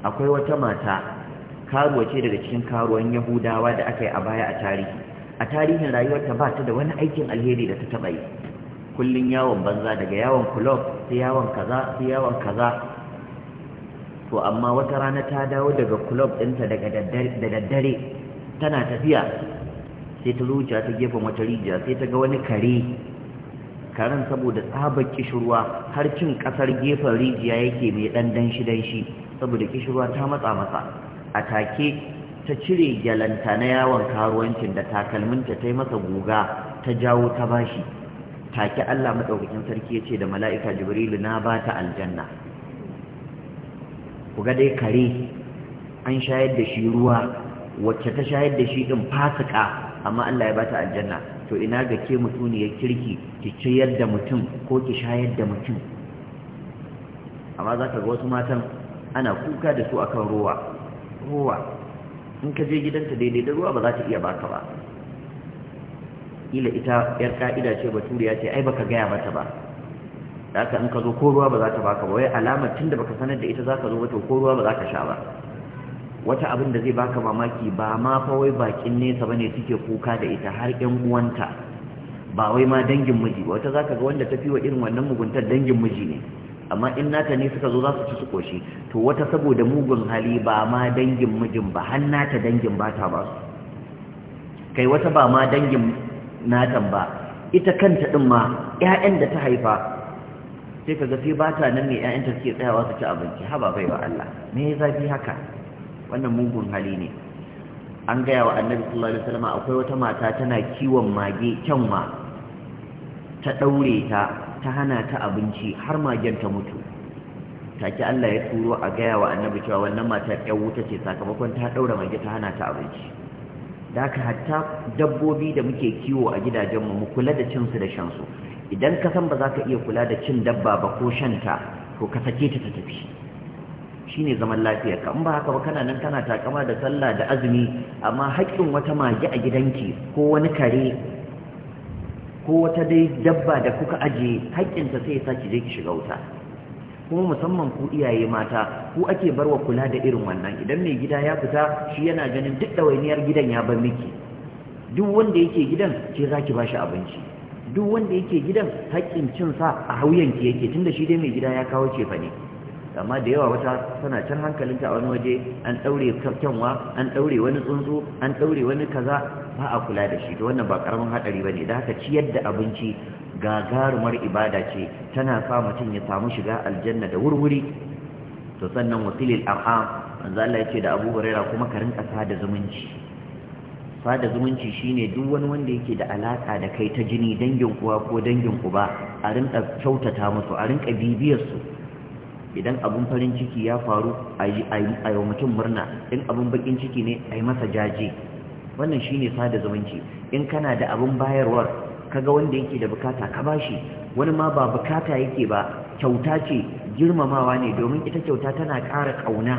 akwai wata mata karuwa ce daga cikin karuwan Yahudawa da aka yi a baya a tarihi a tarihin rayuwarta ba ta da wani aikin alheri da ta taɓa yi kullun yawon banza daga yawon kulob sai yawon kaza sai yawon kaza to amma wata rana ta dawo daga kulob ɗinta daga da daddare tana tafiya sai ta zuciya ta gefen wata rijiya sai ta ga wani kare karen saboda tsabar kishirwa har cin ƙasar gefen rijiya yake mai ɗan danshi-danshi saboda kishirwa ta matsa matsa a take ta cire gyalanta na yawon karuwancin da takalminta ta yi masa guga ta jawo ta bashi take Allah maɗaukakin sarki ya ce da mala'ika jibrilu na ba ta aljanna ku ga dai kare an shayar da shi ruwa wacce ta shayar da shi ɗin fasika amma Allah ya ba ta aljanna to ina ga ke mutuniyar kirki ki ciyar da mutum ko ki shayar da mutum amma za ka ga wasu matan ana kuka da su akan ruwa ruwa in ka je gidanta daidai da ruwa ba za ta iya baka ba ila ita yar ka'ida ce bature ya ce ai baka gaya mata ba da haka in ka zo ko ruwa ba za ta baka ba wai alamar tun da baka sanar da ita za ka zo wata ko ruwa ba za ka sha ba wata abin da zai baka mamaki ba ma fa wai bakin nesa bane suke kuka da ita har 'yan uwanta ba wai ma dangin miji ba wata za ka ga wanda ta fi wa irin wannan muguntar dangin miji ne amma in nata ne suka zo za su ci su koshi to wata saboda mugun hali ba ma dangin mijin ba har naka dangin ba ta ba su kai wata ba ma dangin natan ba ita kanta din ma ƴaƴan da ta haifa sai ka sai ba ta nan ne ta suke tsayawa su ci abinci ba bai wa Allah me ya zafi haka wannan mugun hali ne an gaya wa annabi sallallahu alaihi wasallam akwai wata mata tana kiwon mage kyanwa ta daure ta ta hana ta abinci har magen ta mutu take Allah ya turo a gaya wa annabi cewa wannan matar ƴan wuta ce sakamakon ta ɗaura mage ta hana ta abinci da haka hatta dabbobi da muke kiwo a gidajenmu mu kula da cinsu da shansu idan ka san ba za ka iya kula da cin dabba ba ko shanta to ka sake ta ta tafi shine zaman lafiya ka in ba haka ba kana nan kana takama da sallah da azumi amma haƙƙin wata mage a gidanki ko wani kare ko wata dai dabba da kuka ajiye haƙƙinta sai ya ki je ki shiga wuta kuma musamman ku iyaye mata ku ake barwa kula da irin wannan idan mai gida ya fita shi yana ganin duk ɗawainiyar gidan ya bar miki duk wanda yake gidan ce za ki bashi abinci duk wanda yake gidan haƙƙin cin sa a hauyanki yake tunda shi dai mai gida ya kawo cefa ne amma da yawa wata tana can hankalinta a wani waje an ɗaure kyanwa an ɗaure wani tsuntsu an ɗaure wani kaza ba a kula da shi to wannan ba karamin hadari bane da haka ciyar da abinci gagarumar ibada ce tana sa mutum ya samu shiga aljanna da wurwuri to sannan wasilil arham manzo Allah yace da Abu Hurairah kuma karin kasa sada zumunci sada zumunci shine duk wani wanda yake da alaka da kai ta jini dangin kuwa ko dangin uba a rinka kyautata musu a rinka bibiyar su idan abun farin ciki ya faru a yi mutum murna in abun bakin ciki ne a yi masa jaje wannan shine sada zumunci in kana da abin bayarwar kaga wanda yake da bukata ka bashi wani ma ba bukata yake ba kyauta ce girmamawa ne domin ita kyauta tana ƙara ƙauna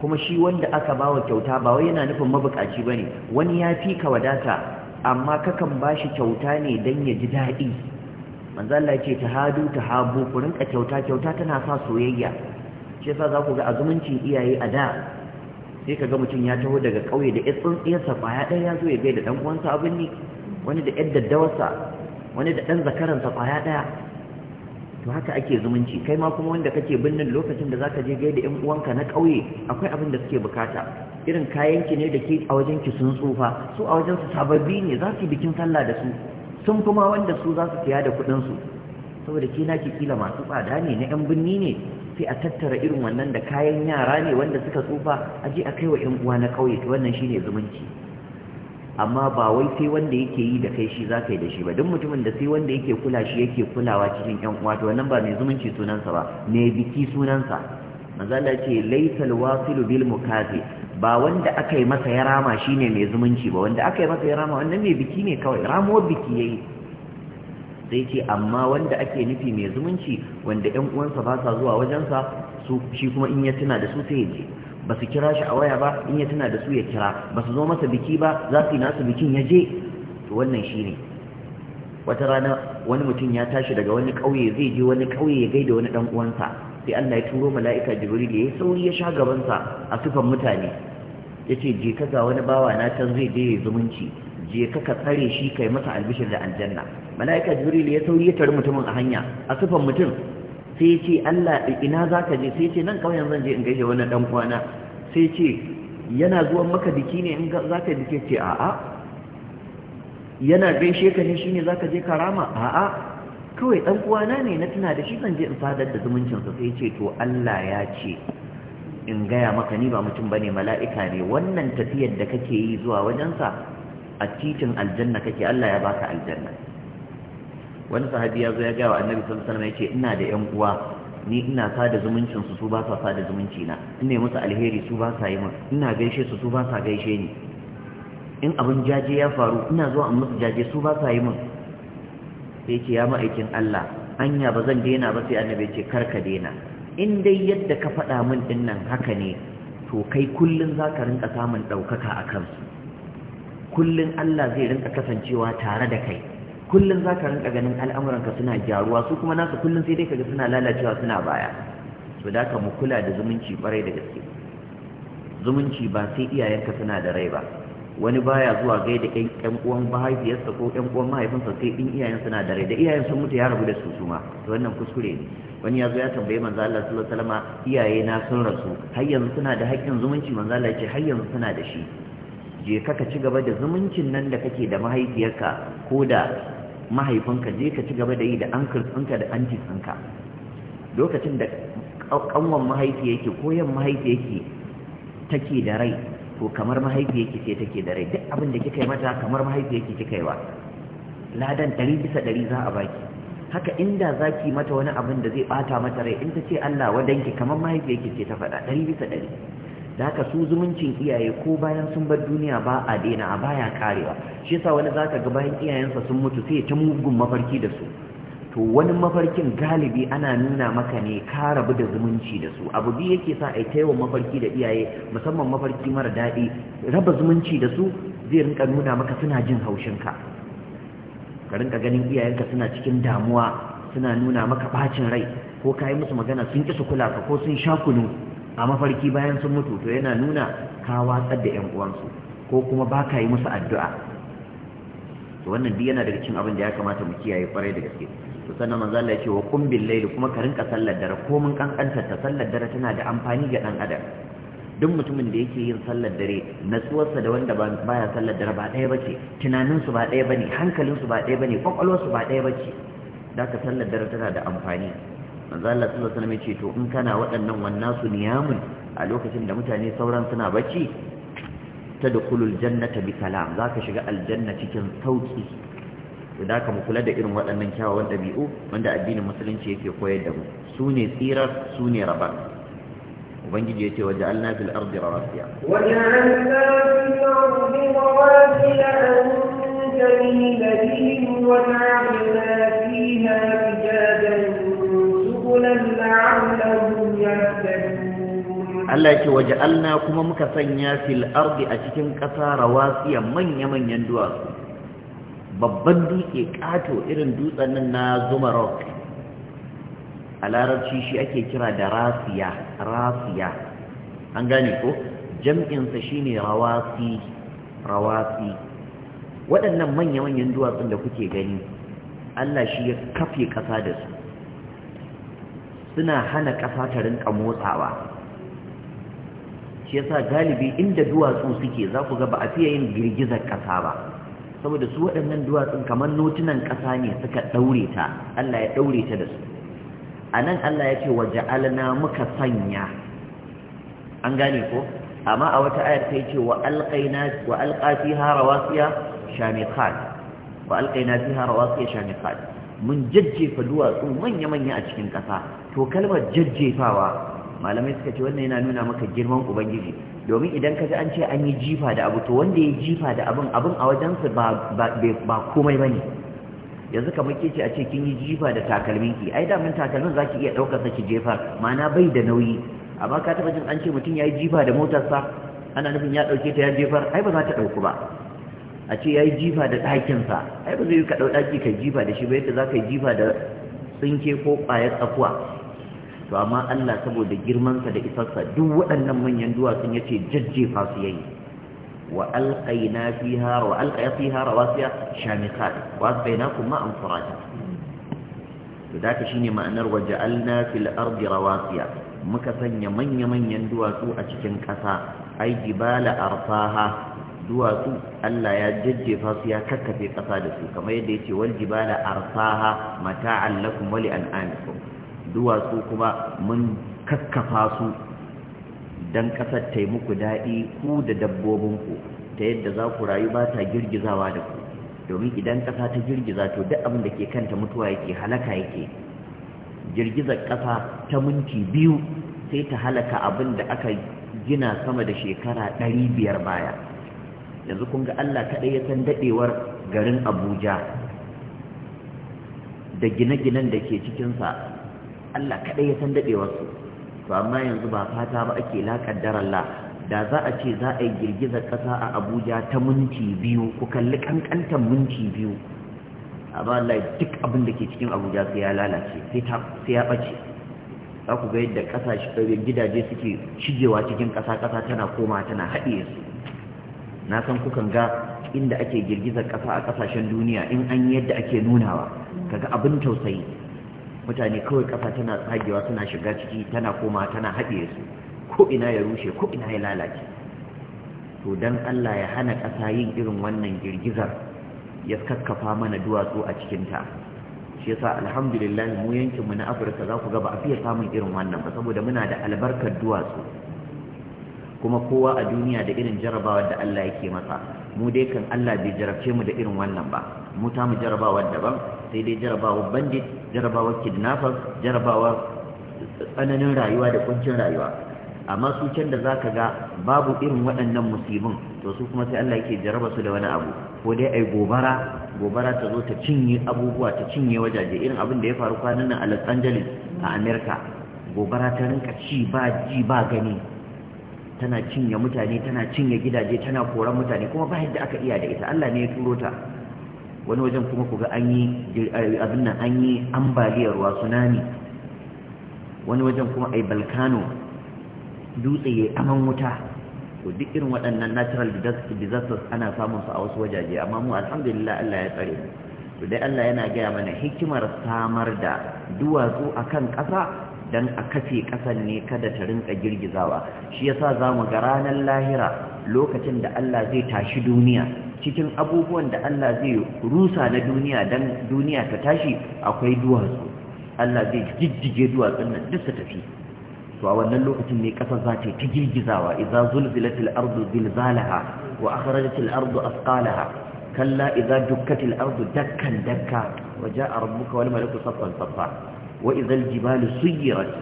kuma shi wanda aka bawa kyauta ba wai yana nufin mabukaci bane wani ya fi ka wadata amma kakan bashi kyauta ne dan ya ji daɗi manzo Allah ya ce tahadu tahabu ku kyauta kyauta tana sa soyayya shi yasa za ku ga azumincin iyaye a da sai ka ga mutum ya taho daga ƙauye da ƴan tsuntsiyarsa ya ɗaya ya zo ya da ɗan uwansa abin ne wani da ƴan daddawarsa wani da ɗan zakaransa ya ɗaya to haka ake zumunci kai ma kuma wanda kake birnin lokacin da za ka je da ƴan uwanka na ƙauye akwai abin da suke bukata irin kayan ki ne da ke a wajen ki sun tsufa su a wajen su sababbi ne za su yi bikin sallah da su sun kuma wanda su za su siya da kuɗinsu saboda ke na ki kila masu tsada ne na 'yan birni ne sai a tattara irin wannan da kayan yara ne wanda suka tsufa a je a kaiwa 'yan uwa na kauye. to wannan shine zumunci amma ba wai sai wanda yake yi da kai shi za ka yi da shi ba duk mutumin da sai wanda yake kula shi yake kulawa cikin 'yan uwa to wannan ba mai zumunci sunansa ba mai biki sunansa manzo Allah ce laisal wasilu bil mukazi ba wanda aka yi masa ya rama shine mai zumunci ba wanda aka yi masa yarama wannan mai biki ne kawai ramuwar biki yayi sai ce amma wanda ake nufi mai zumunci wanda ɗan uwansa ba sa zuwa wajensa su shi kuma in ya tuna da su sai ya je ba su kira shi a waya ba in ya tuna da su ya kira ba su zo masa biki ba za su yi nasu bikin ya je to wannan shi ne wata rana wani mutum ya tashi daga wani ƙauye zai je wani ƙauye ya gaida wani ɗan uwansa sai Allah ya turo mala'ika Jibril ya yi sauri ya sha gabansa a sufan mutane ce je ka ga wani bawa na can zai je zumunci je ka ka tsare shi kai masa albishir da aljanna malaika jibril ya sauri ya tare mutumin a hanya a sufan mutum sai ce Allah ina zaka je sai ce nan kawai zan je in gaishe wani dan kwana sai ce yana zuwan maka biki ne in zaka dike ce a'a yana gaishe ka ne shine zaka je karama a'a kawai dan kwana ne na tuna da shi zan je in fadar da zumuncin sa sai ce to Allah ya ce in gaya maka ni ba mutum bane mala'ika ne wannan tafiyar da kake yi zuwa wajensa a titin aljanna kake Allah ya baka aljanna wani sahabi ya zo ya gaya wa annabi sallallahu alaihi wasallam yace ina da yan uwa ni ina da zumuncin su su ba sa da zumunci na ne musu alheri su ba sa yi min ina gaishe su su ba sa gaishe ni in abin jaje ya faru ina zuwa in musu jaje su ba sa yi min sai ce ya ma'aikin Allah anya ba zan daina ba sai annabi ce karka daina in dai yadda ka faɗa min ɗin nan haka ne to kai kullum za ka rinka samun ɗaukaka a kansu kullum Allah zai rinka kasancewa tare da kai kullum za ka rinka ganin al'amuranka suna gyaruwa su kuma nasu kullum sai dai kaga suna lalacewa suna baya to da ka mu kula da zumunci barai da gaske zumunci ba sai iyayenka suna da rai ba wani baya zuwa da ƴan uwan mahaifiyarsa ko ƴan uwan mahaifinsa sai in iyayen suna da rai da iyayen sun mutu ya rabu da su suma to wannan kuskure ne wani ya zo ya tambaye manzo Allah sallallahu alaihi wasallam iyaye na sun rasu har yanzu suna da haƙƙin zumunci manzo Allah ce har yanzu suna da shi je ka ka ci gaba da zumuncin nan da kake da mahaifiyarka ko da mahaifinka je ka ci gaba da yi da ankles ɗinka da aunties ɗinka lokacin da kanwan mahaifi yake ko yan mahaifi yake take da rai to kamar mahaifi yake ce take da rai duk abin da kika yi mata kamar mahaifi yake kika yi wa ladan ɗari bisa ɗari za a baki haka inda zaki mata wani abin da zai bata mata rai in ta ce Allah wadanki kamar mahaifiyarki ce ta faɗa ɗari bisa ɗari da haka su zumuncin iyaye ko bayan sun bar duniya ba a daina a baya karewa shi yasa wani zaka ga bayan iyayensa sun mutu sai ta mugun mafarki da su to wani mafarkin galibi ana nuna maka ne ka rabu da zumunci da su abu biyu yake sa ai taiwa mafarki da iyaye musamman mafarki mara daɗi raba zumunci da su zai rinka nuna maka suna jin haushinka ka rinka ganin iyayenka suna cikin damuwa suna nuna maka bacin rai ko ka yi musu magana sun ƙi kula ka ko sun sha kunu a mafarki bayan sun mutu to yana nuna ka watsar da 'yan uwansu ko kuma ba ka yi musu addu'a to wannan duk yana daga cikin abin da ya kamata mu kiyaye kwarai da gaske to sannan manzo Allah ya ce wa qum bil layl kuma ka rinka sallar dare ko mun kankanta ta sallar dare tana da amfani ga dan adam duk mutumin da yake yin sallar dare natsuwarsa da wanda baya sallar dare ba ɗaya bace tunaninsu ba ɗaya bane hankalinsu ba ɗaya bane kwakwalwarsu ba ɗaya bace da ka sallar dare tana da amfani manzo Allah sallallahu alaihi wasallam ce to in kana waɗannan wannasu niyamun a lokacin da mutane sauran suna bacci tadkhulul jannata bi salam zaka shiga aljanna cikin sauki da ka mu kula da irin waɗannan kyawawan ɗabi'u wanda addinin musulunci yake koyar da mu su ne tsirar su ne rabar ubangiji ce, waje alna fil ardi rawasiya waje alna fil ardi rawasiya an jamila bihim wa ja'alna fiha fijadan subulan la'allahum yahtadun Allah yake waje alna kuma muka sanya fil ardi a cikin ƙasa rawasiya manya-manyan duwatsu babban dutse ƙato irin dutsen nan na zuma rock a larabci shi ake kira da rasiya rasiya an gane ko jam'insa shine rawasi rawasi waɗannan manya-manyan duwatsun da kuke gani Allah shi ya kafe ƙasa da su suna hana ƙasa ta rinka motsawa shi yasa galibi inda duwatsu suke za ku ga ba a fiye yin girgizar ƙasa ba saboda su waɗannan duwatsun kamar notunan ƙasa ne suka ɗaure ta Allah ya ɗaure ta da su a nan Allah ya ce wa ja'alna muka sanya an gane ko amma a wata ayar ta ce wa alƙaina wa alƙa fiha rawasiya shamiqat wa alƙaina fiha rawasiya shamiqat mun jajjefa duwatsu manya-manya a cikin ƙasa to kalmar jajjefawa malamai suka ce wannan yana nuna maka girman ubangiji domin idan ka an ce an yi jifa da abu to wanda ya jifa da abin abin a wajensu ba komai ba ne yanzu kamar ke ce a ce kin yi jifa da takalmin ki ai mun takalmin zaki iya daukar saki jefar jefa ma'ana bai da nauyi amma ka taba jin an ce mutum yayi jifa da motarsa ana nufin ya dauke ta ya jefar ai ba za ta dauku ba a ce yayi jifa da dakin sa ai ba zai yi ka dau ɗaki ka jifa da shi ba yadda zaka yi jifa da tsinke ko kwayar tsakuwa to amma Allah saboda girman sa da isarsa duk waɗannan manyan sun yace jajjefa su yayi wa’alƙai na fiha rawasiya shamikar wa zai na kuma amfura ta su dati shi ne ma’anar waje alna filar di rawasiya muka sanya manya-manyan duwatsu a cikin ƙasa ai dibala arfaha duwatsu allah ya jajjefa su kakkafe ƙasa da su kamar yadda ya ce wal dibala arfaha mata’allakun wali an’anisu duwatsu kuma mun kakkafa su don ƙasar ta yi muku daɗi ku da dabbobinku ta yadda za ku rayu ba ta girgizawa da ku domin idan ƙasa ta girgiza to duk abin da ke kanta mutuwa yake halaka yake girgizar ƙasa ta minti biyu sai ta halaka abin da aka gina sama da shekara ɗari biyar baya yanzu kun ga Allah kaɗai ya san daɗewar garin Abuja da gine-ginen da ke cikinsa Allah kaɗai ya san daɗewarsu to amma yanzu ba fata ba ake laƙaddar Allah da za a ce za a yi girgizar ƙasa a Abuja ta minti biyu ku kalli kankantan minti biyu ba Allah duk abin da ke cikin Abuja sai ya lalace sai ya bace za ku ga yadda kasashe eh, gidaje suke shigewa cikin ƙasa-ƙasa tana koma tana haɗiye su na san kukan ga inda ake girgizar ƙasa a ƙasashen duniya in an yadda ake nunawa kaga abin tausayi mutane kawai kafa tana tsagewa suna shiga ciki tana koma tana haɗe su ko ina ya rushe ko ina ya lalace to dan Allah ya hana ƙasa yin irin wannan girgizar ya kakkafa mana duwatsu a cikin ta shi yasa alhamdulillah mu yankin mu na Afirka za ku ga ba a fiye samun irin wannan ba saboda muna da albarkar duwatsu kuma kowa a duniya da irin jarabawar da Allah yake masa mu dai kan Allah bai jarabce mu da irin wannan ba muta mu jarabawa daban sai dai jarabawa bandit jarabawa kidnapper jarabawa tsananin rayuwa da kuncin rayuwa amma su can da ka ga babu irin waɗannan musibin to su kuma sai Allah yake jaraba su da wani abu ko dai ai gobara gobara ta zo ta cinye abubuwa ta cinye wajaje irin abin da ya faru kwanan nan a Los Angeles a America gobara ta rinka ci ba ji ba gani tana cinye mutane tana cinye gidaje tana koran mutane kuma ba yadda aka iya da ita Allah ne ya turo ta wani wajen kuma ku ga an yi abin nan an yi ambaliyar ruwa tsunami wani wajen kuma ai balkano dutse ya aman wuta to duk irin waɗannan natural disasters ana samun su a wasu wajaje amma mu alhamdulillah Allah ya tsare mu to dai Allah yana gaya mana hikimar samar da duwatsu a kan ƙasa dan a kafe ƙasan ne kada ta rinka girgizawa shi yasa zamu ga ranar lahira lokacin da Allah zai tashi duniya cikin abubuwan da Allah zai rusa na duniya dan duniya ta tashi akwai duwatsu Allah zai jijjige duwatsun nan duk su tafi to a wannan lokacin ne ƙasa za ta ta girgizawa idza zulzilatil ardu zilzalaha wa akhrajatil ardu asqalaha kalla idza dukkatil ardu dakkan dakka wa jaa rabbuka wal malaku saffan saffa wa idza al jibalu suyirat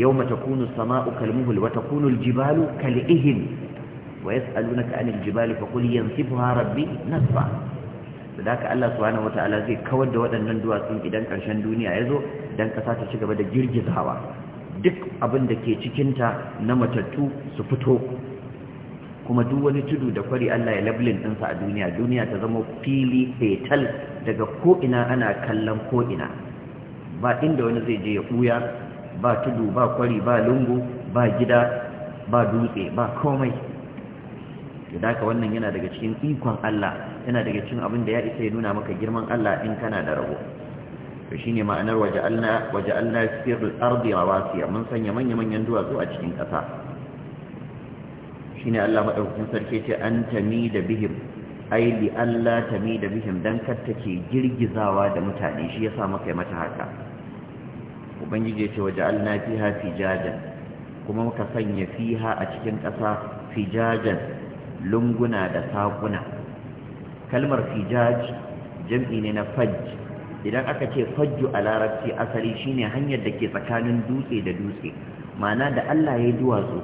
yawma takunu as-samaa'u kalmuhl wa takunu al jibalu kal'ihn ya ba ويسألونك عن الجبال فقل ينسفها ربي نسفا فذاك الله سبحانه zai kawar da waɗannan duwatsun idan ƙarshen duniya ya zo dan ƙasa ta cigaba da girgiza hawa duk abin da ke cikin ta na matattu su fito kuma duk wani tudu da kwari Allah ya lablin ɗinsa a duniya duniya ta zama fili fetal daga ko'ina ana kallon ko ina ba inda wani zai je ya ɓuya ba tudu ba kwari ba lungu ba gida ba dutse ba komai da haka wannan yana daga cikin ikon Allah yana daga cikin abin da ya isa ya nuna maka girman Allah in kana da rabo to shine ma'anar waja'alna waja'alna fil ardi rawasiya mun sanya manya manyan duwatsu a cikin ƙasa shine Allah madaukakin sarki ce an tami da bihim ai li Allah tami da bihim dan kar take girgizawa da mutane shi yasa maka yi mata haka ubangiji ya ce waja'alna fiha fijajan kuma muka sanya fiha a cikin ƙasa fijajan lunguna da saƙuna kalmar fijaj jam'i ne na fajj idan aka ce fajju a larabci asali shine hanyar da ke tsakanin dutse da dutse ma'ana da Allah ya yi duwatsu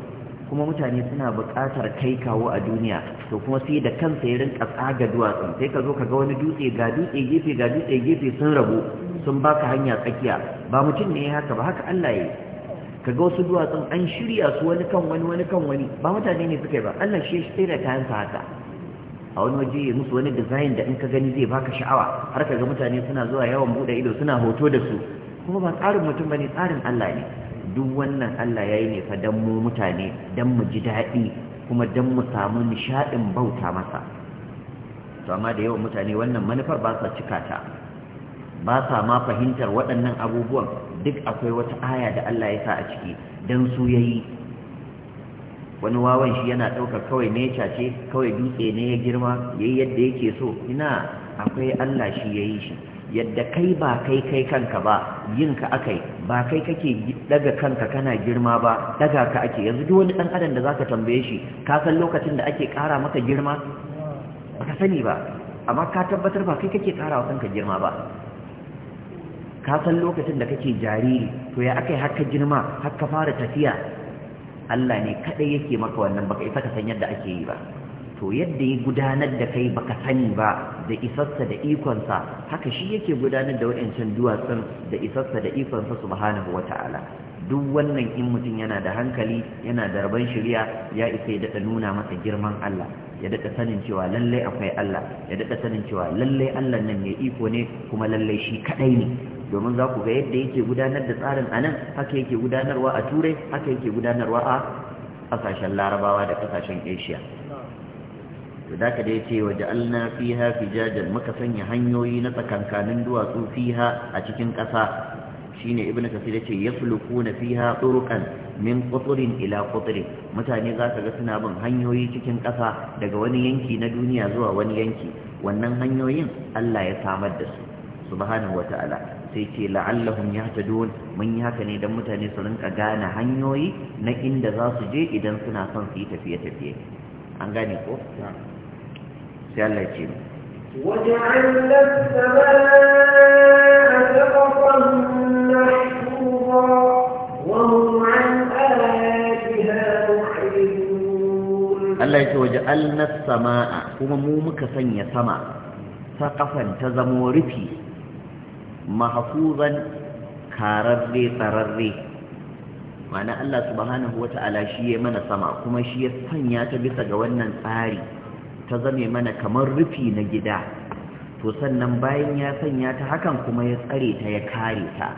kuma mutane suna buƙatar kai kawo a duniya to kuma sai da kansa ya rinka tsaga duwatsun sai ka zo ka ga wani dutse ga dutse gefe ga dutse gefe sun rabu sun baka hanya tsakiya ba mutum ne haka ba haka Allah ya yi kaga wasu duwatsun an shirya su wani kan wani wani kan wani ba mutane ne suka yi ba Allah shi ya tsira kayansa haka a wani waje ya musu wani design da in ka gani zai baka sha'awa har ka ga mutane suna zuwa yawan bude ido suna hoto da su kuma ba tsarin mutum bane tsarin Allah ne duk wannan Allah yayi ne fa dan mu mutane dan mu ji daɗi kuma dan mu samu nishadin bauta masa to amma da yawan mutane wannan manufar ba sa cika ta ba sa ma fahimtar waɗannan abubuwan duk akwai wata aya da Allah ya sa a ciki dan su yayi wani wawan shi yana ɗaukar kawai ya ce kawai dutse ne ya girma yayi yadda yake so ina akwai Allah shi yayi shi yadda kai ba kai kai kanka ba yin ka akai ba kai kake daga kanka kana girma ba daga ka ake yanzu duk wani dan adam da zaka tambaye shi ka san lokacin da ake kara maka girma ba ka sani ba amma ka tabbatar ba kai kake ƙara wa kanka girma ba ka san lokacin da kake jariri to ya akai har ka girma har ka fara tafiya Allah ne kadai yake maka wannan baka isa ka san yadda ake yi ba to yadda ya gudanar da kai baka sani ba da isarsa da ikonsa haka shi yake gudanar da waɗancan duwatsun da isarsa da ikonsa subhanahu wata'ala duk wannan in mutum yana da hankali yana da rabon shirya ya isa ya daɗa nuna masa girman Allah ya daɗa sanin cewa lallai akwai Allah ya daɗa sanin cewa lallai Allah nan ya iko ne kuma lallai shi kaɗai ne domin za ku ga yadda yake gudanar da tsarin a nan haka yake gudanarwa a turai haka yake gudanarwa a kasashen larabawa da kasashen asia to da ka dai ce wa fiha fijajan muka sanya hanyoyi na tsakankanin duwatsu fiha a cikin ƙasa shine ibnu kasir yace yasluquna fiha turuqan min qutrin ila qutrin mutane za ka ga suna bin hanyoyi cikin ƙasa daga wani yanki na duniya zuwa wani yanki wannan hanyoyin Allah ya samar da su subhanahu wata'ala sai ce la'allahum ya ta don mun yi haka ne don mutane su rinka gane hanyoyi na inda za su je idan suna son su yi tafiye-tafiye an gane ko? sai Allah ce mu Allah ya ce waje alnar sama'a kuma mu muka sanya sama sa kafan ta zamo rufi mahfuzan kararre tsararre mana Allah subhanahu wata'ala shi ya mana sama kuma shi ya sanya ta bisa ga wannan tsari ta zame mana kamar rufi na gida to sannan bayan ya sanya ta hakan kuma ya tsare ta ya kare ta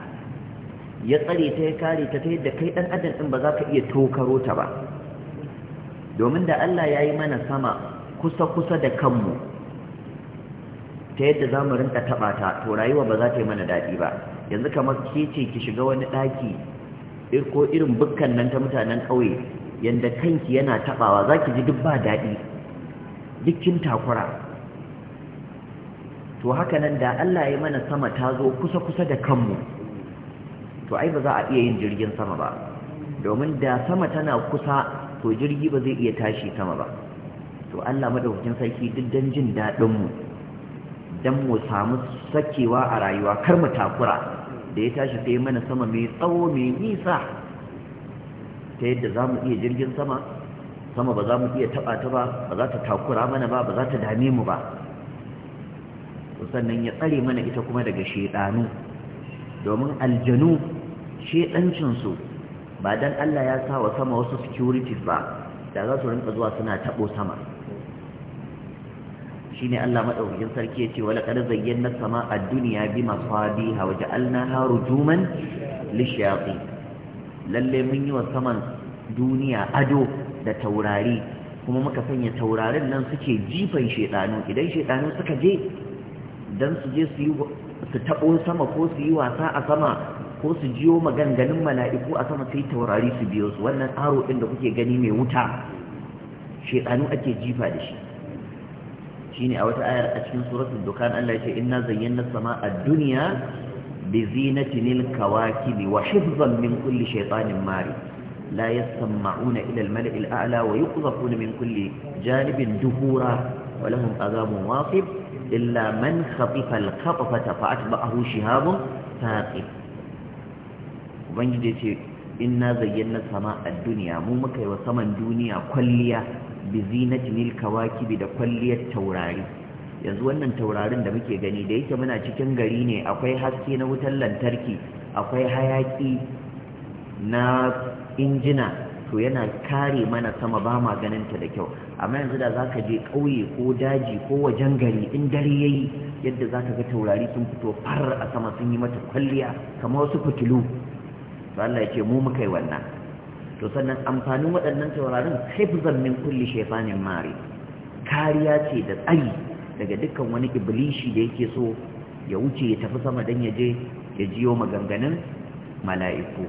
ya tsare ta ya kare ta ta yadda kai dan adam din ba za ka iya tokaro ta ba domin da Allah ya yi mana sama kusa-kusa da kanmu ta yadda za mu rinka ta to rayuwa ba za ta yi mana daɗi ba yanzu kamar ke ki shiga wani ɗaki ko irin bukkan nan ta mutanen kauye, yanda kanki yana tabawa zaki ji duk ba daɗi duk kin takura to haka nan da Allah ya mana sama ta zo kusa-kusa da kanmu to ai ba za a iya yin jirgin sama ba domin da sama tana kusa to jirgi ba zai iya tashi sama ba to Allah madaukakin sarki duk dan jin mu don mu samu sakewa a rayuwa kar mu takura da ya tashi sai mana sama mai tsawo mai nisa ta yadda za mu iya jirgin sama sama ba za mu iya taɓa ta ba ba za ta takura mana ba ba za ta dame mu ba sannan ya tsare mana ita kuma daga shaidanu domin aljanu shaidancinsu ba don Allah ya sa wa sama wasu securities ba da za su rinka zuwa suna taɓo sama shine Allah madaukakin sarki yace wala qad zayyana sama ad-dunya bi masabiha wa ja'alnaha rujuman lishayatin lalle mun yi wa saman duniya ado da taurari kuma muka sanya taurarin nan suke jifan shedanu idan shedanu suka je dan su je su yi su tabo sama ko su yi wasa a sama ko su jiyo maganganun mala'iku a sama sai taurari su biyo su wannan aro din da kuke gani mai wuta shedanu ake jifa da shi shine a wata ayar a cikin suratul dukan Allah yace inna zayyana a dunya bi zinatin al wa hifzan min kulli shaytanin mari la yasma'una ila al-mala'i ala wa yuqdhafuna min kulli janibin duhura wa lahum adhabun wasib illa man khatifa al-qatfata fa'atba'ahu shihabun thaqib ubangiji yace inna zayyana samaa dunya mu muka yi wa saman duniya kwalliya bi zinatil kawakibi da kwalliyar taurari yanzu wannan taurarin da muke gani da yake muna cikin gari ne akwai haske na wutar lantarki akwai hayaki na injina to yana kare mana sama ba ma ganin ta da kyau amma yanzu da zaka je kauye ko daji ko wajen gari in dare yayi yadda zaka ga taurari sun fito far a sama sun yi mata kwalliya kamar wasu fitilu to Allah ya ce mu muka yi wannan to sannan amfanin waɗannan taurarin haifizan min kulli shefanin mari kariya ce da tsari daga dukkan wani iblishi da yake so ya wuce ya tafi sama don ya je ya jiyo maganganun mala'iku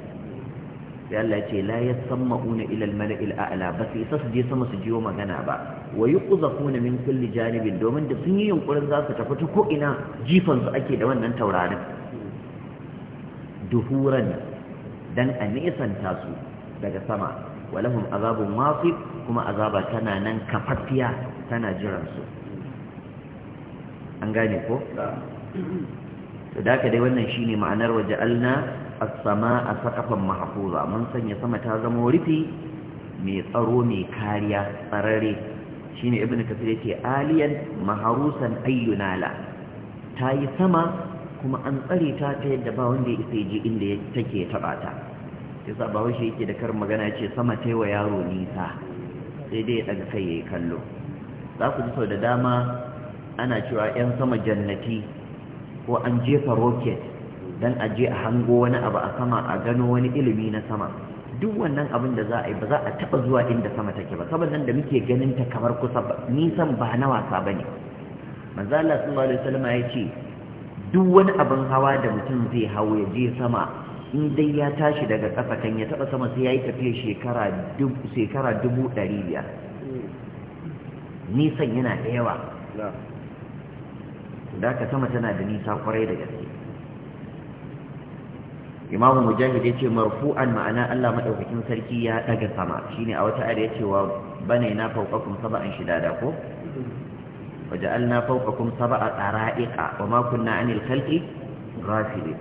sai Allah ce la samma una ilal malail a'la ba isa su je sama su jiyo magana ba wa yuqzafuna min kulli janibin domin da sun yi yunkurin za su tafi ta ko ina jifan su ake da wannan taurarin duhuran dan a nesanta su daga sama walahum azabun wasif kuma azaba tana nan kafaffiya tana jiran su an gane ko to da ka dai wannan shine ma'anar a sama a sakafan mahfuza mun sanya sama ta zama rufi mai tsaro mai kariya tsarare shine ibnu kasir yake aliyan maharusan ayyunala ta yi sama kuma an tsare ta ta yadda ba wanda ya isa je inda take taba ta sa ba haushe yake da kar magana ya ce sama wa yaro nisa sai dai ya daga kai ya yi kallo za ku ji sau da dama ana cewa 'yan sama jannati ko an jefa rocket don a je a hango wani abu a sama a gano wani ilimi na sama duk wannan abin da za a yi ba za a taba zuwa inda sama take ba saboda da muke ganin ta kamar kusa nisan ba na wasa bane ne Allah sallallahu alaihi wasallam ya ce duk wani abin hawa da mutum zai hawo ya je sama in dai ya tashi daga kafatan ya taba sama sai yi tafiya shekara dubu shekara dubu ɗari biyar nisan yana da yawa da ka sama tana da nisa kwarai da gaske imamu mujahid ya ce marfu'an ma'ana Allah maɗaukakin sarki ya ɗaga sama shine a wata ayar ya ce wa bane na an shida da ko waja'alna faukakun sab'a a tara'iqa wa makon na 'anil khalqi ghafilin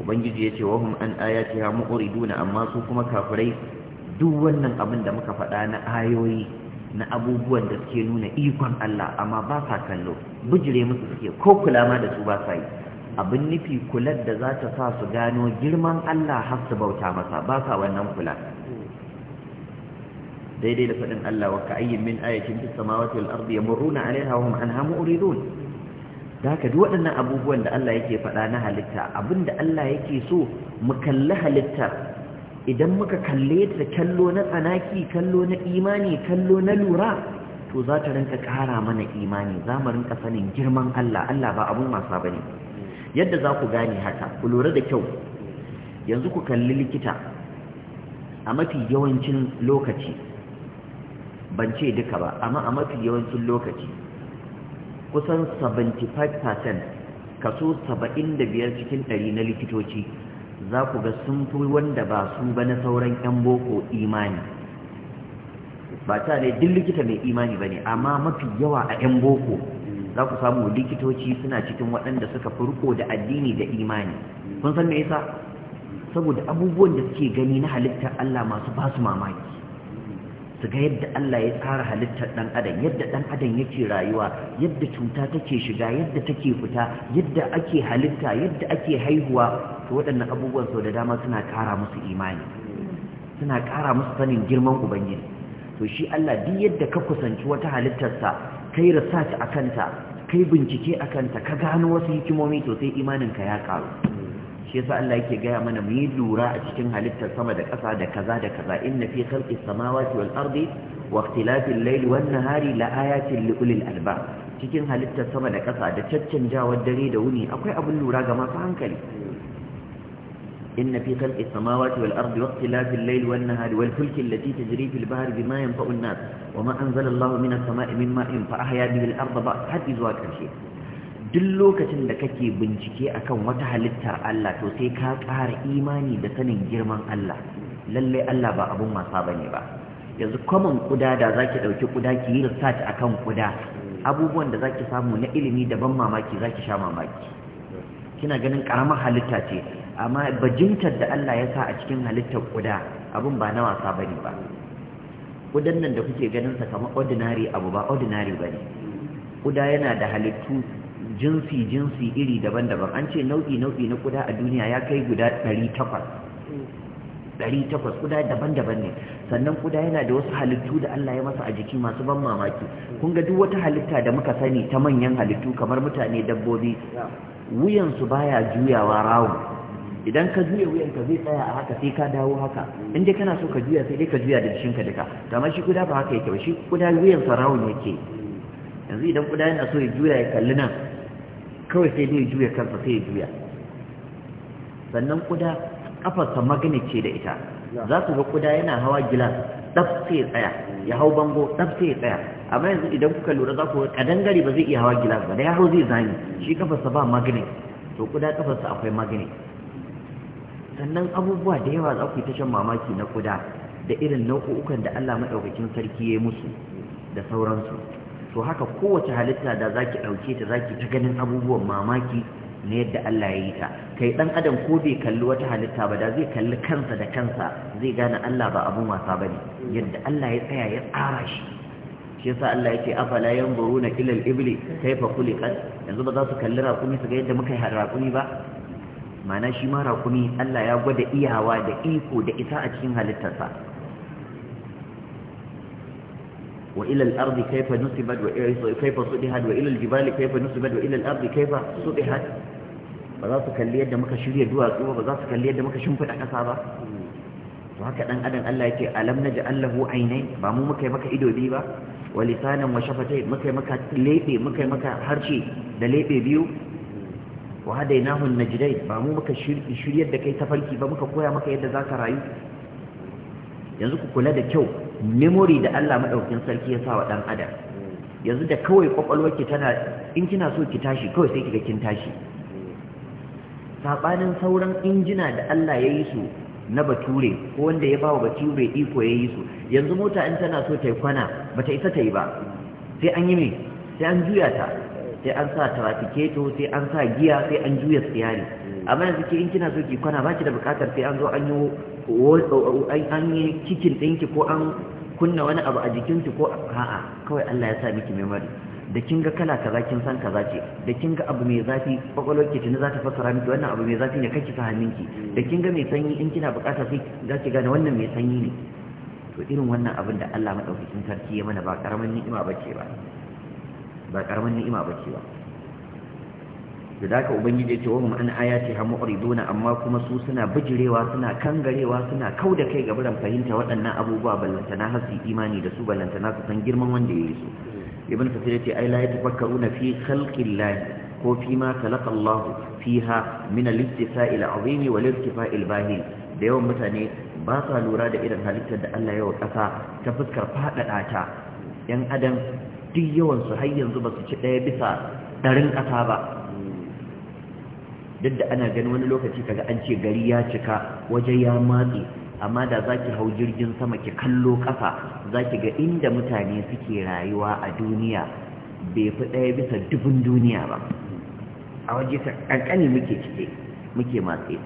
ubangiji yace wa hum an mu mu'riduna amma su kuma kafirai duk wannan abin da muka faɗa na ayoyi na abubuwan da suke nuna ikon Allah amma ba sa kallo bijire musu suke ko kula ma da su ba sa yi abin nufi kular da za ta sa su gano girman Allah har su bauta masa ba sa wannan kula daidai da faɗin Allah wa ayyin min ayatin fis samawati wal ardi yamuruna alaiha wa hum anha mu'ridun da haka duk waɗannan abubuwan da Allah yake faɗa na halitta abin da Allah yake so mu kalli halittar idan muka kalle ta kallo na tsanaki kallo na imani kallo na lura to za ta rinka ƙara mana imani za mu rinka sanin girman Allah Allah ba abun wasa ba ne yadda za ku gane haka ku lura da kyau yanzu ku kalli likita a mafi yawancin lokaci ban ce duka ba amma a mafi yawancin lokaci kusan 75% kaso 75 cikin 100 na likitoci za ku ga sun fi wanda ba su ba na sauran 'yan boko imani ba ta ne duk likita mai imani ba ne amma mafi yawa a 'yan boko za ku samu likitoci suna cikin waɗanda suka fi riko da addini da imani kun san me yasa saboda abubuwan da suke gani na halittar Allah masu ba su mamaki su ga yadda Allah ya tsara halittar ɗan'adam, adam yadda ɗan adam yake rayuwa yadda cuta take shiga yadda take fita yadda ake halitta yadda ake haihuwa to waɗannan abubuwan sau da dama suna ƙara musu imani suna ƙara musu sanin girman ubangiji to shi Allah duk yadda ka kusanci wata halittarsa kai research a kanta kai bincike a kanta ka gano wasu hikimomi to sai imaninka ya ƙaru shi yasa Allah yake gaya mana mu yi lura a cikin halittar sama da ƙasa da kaza da kaza inna fi khalqi samawati wal ardi wa ikhtilafi al-layli wan nahari la ayatin li ulil albab cikin halittar sama da ƙasa da caccanjawar dare da wuni akwai abin lura ga masu hankali إن في خلق السماوات والأرض واختلاف الليل والنهار والفلك التي تجري في البحر بما ينفع الناس وما أنزل الله من السماء من ماء فأحيا به الأرض بعد حد zuwa الشيء duk lokacin da kake bincike akan wata halitta Allah to sai ka ƙara imani da sanin girman Allah lalle Allah ba abun wasa bane ba yanzu common kuda da zaki dauki kuda ki yi research akan kuda abubuwan da zaki samu na ilimi da ban mamaki zaki sha mamaki kina ganin karamar halitta ce amma bajintar da Allah ya sa a cikin halittar kuda abun ba na wasa bane ba kudan nan da kuke ganin sa kamar ordinary abu ba ordinary bane kuda yana da halittu jinsi jinsi iri daban-daban an ce nau'i nau'i na kuda a duniya ya kai guda 800 800 kuda daban-daban ne sannan kuda yana da wasu halittu da Allah ya masa a jiki masu ban mamaki kun ga duk wata halitta da muka sani ta manyan halittu kamar mutane dabbobi wuyansu baya juyawa rawu idan ka juya wuyanka zai tsaya a haka sai ka dawo haka in dai kana so ka juya sai dai ka juya da ka duka amma shi kuda ba haka yake ba shi kuda wuyan sa rawun yake yanzu idan kuda yana so ya juya ya kalli nan kawai sai dai juya kansa sai ya juya sannan kuda kafarsa magani ce da ita za su ga kuda yana hawa gilas ɗaf sai ya tsaya ya hau bango ɗaf sai ya tsaya amma yanzu idan kuka lura za ku ga gari ba zai iya hawa gilas ba da ya hau zai zani shi kafarsa ba magani to kuda kafarsa akwai magani sannan abubuwa da yawa za ku yi ta mamaki na kuda da irin nau'ukan da Allah maɗaukakin sarki ya yi musu da sauransu to haka kowace halitta da zaki dauke ta zaki ta ganin abubuwan mamaki na yadda Allah ya yi ta kai dan adam ko bai kalli wata halitta ba da zai kalli kansa da kansa zai gane Allah ba abun wasa bane yadda Allah ya tsaya ya tsara shi shi yasa Allah yake afala yanzuruna ila al-ibli kayfa khuliqat yanzu ba za su kalli rakumi su ga yadda muka yi rakumi ba mana shi ma rakumi Allah ya gwada iyawa da iko da isa a cikin halittarsa وإلى الأرض كيف نسبت وكيف صدحت وإلى الجبال كيف نسبت وإلى الأرض كيف صدحت فذا تكلي يد مكا شريا دوا قوة فذا تكلي يد مكا شنفت أكسابا وهكذا أدن الله يتي ألم نجعل له عينين بامو مكا مكا إدو بيبا ولسانا وشفتين مكا مكا ليبي مكا مكا هرشي دا ليبي بيو وهذا يناه النجدين بامو مكا شريا دا كي تفلكي بمكا قويا مكا يد ذاك رايو ينزوك كلا دا كيو memory da Allah maɗaukin sarki ya sa wa dan adam yanzu da kawai kokolwarki tana in kina so ki tashi kawai sai kiga kin tashi sabanin sauran injina da Allah ya yi su na bature ko wanda ya bawa bature iko ya yi su yanzu mota in tana so ta yi kwana bata isa ta yi ba sai an yi me sai an juya ta sai an sa trafiketo sai an sa giya sai an juya tsiyari amma yanzu ke in kina so ki kwana ba baki da bukatar sai an zo an yi an yi cikin ɗinki ko an kunna wani abu a jikinki ko a'a kawai Allah ya sa miki memory da kin ga kala kaza kin san kaza ce da kin ga abu mai zafi kwakwalwar ki tuni za ta fassara miki wannan abu mai zafi ne kake sa hannunki da kin ga mai sanyi in kina bukata sai za ki gane wannan mai sanyi ne to irin wannan abin da Allah madaukakin sarki ya mana ba karaman ni'ima bace ba ba karaman ni'ima bace ba da daka ubangiji ya ce wahum an ayati ha mu'riduna amma kuma su suna bijirewa suna kangarewa suna da kai ga buran fahimta waɗannan abubuwa ballantana na su imani da su na su san girman wanda ya yi su ibn kasir ya ce ai la na fi khalqillahi ko fi ma khalaqa Allah fiha min al-ittifa'i al-'azimi wal ittifa'i al-bahil da yawan mutane ba sa lura da irin halittar da Allah ya wa kasa ta fuskar faɗaɗa ta ‘yan adam duk yawansu har yanzu ba su ci ɗaya bisa ɗarin kasa ba duk da ana gani wani lokaci kaga an ce gari ya cika waje ya matse amma da zaki hau jirgin sama ki kallo kafa za ki ga inda mutane suke rayuwa a duniya bai fi ɗaya bisa dubin duniya ba a waje ƙanƙani muke cike muke matse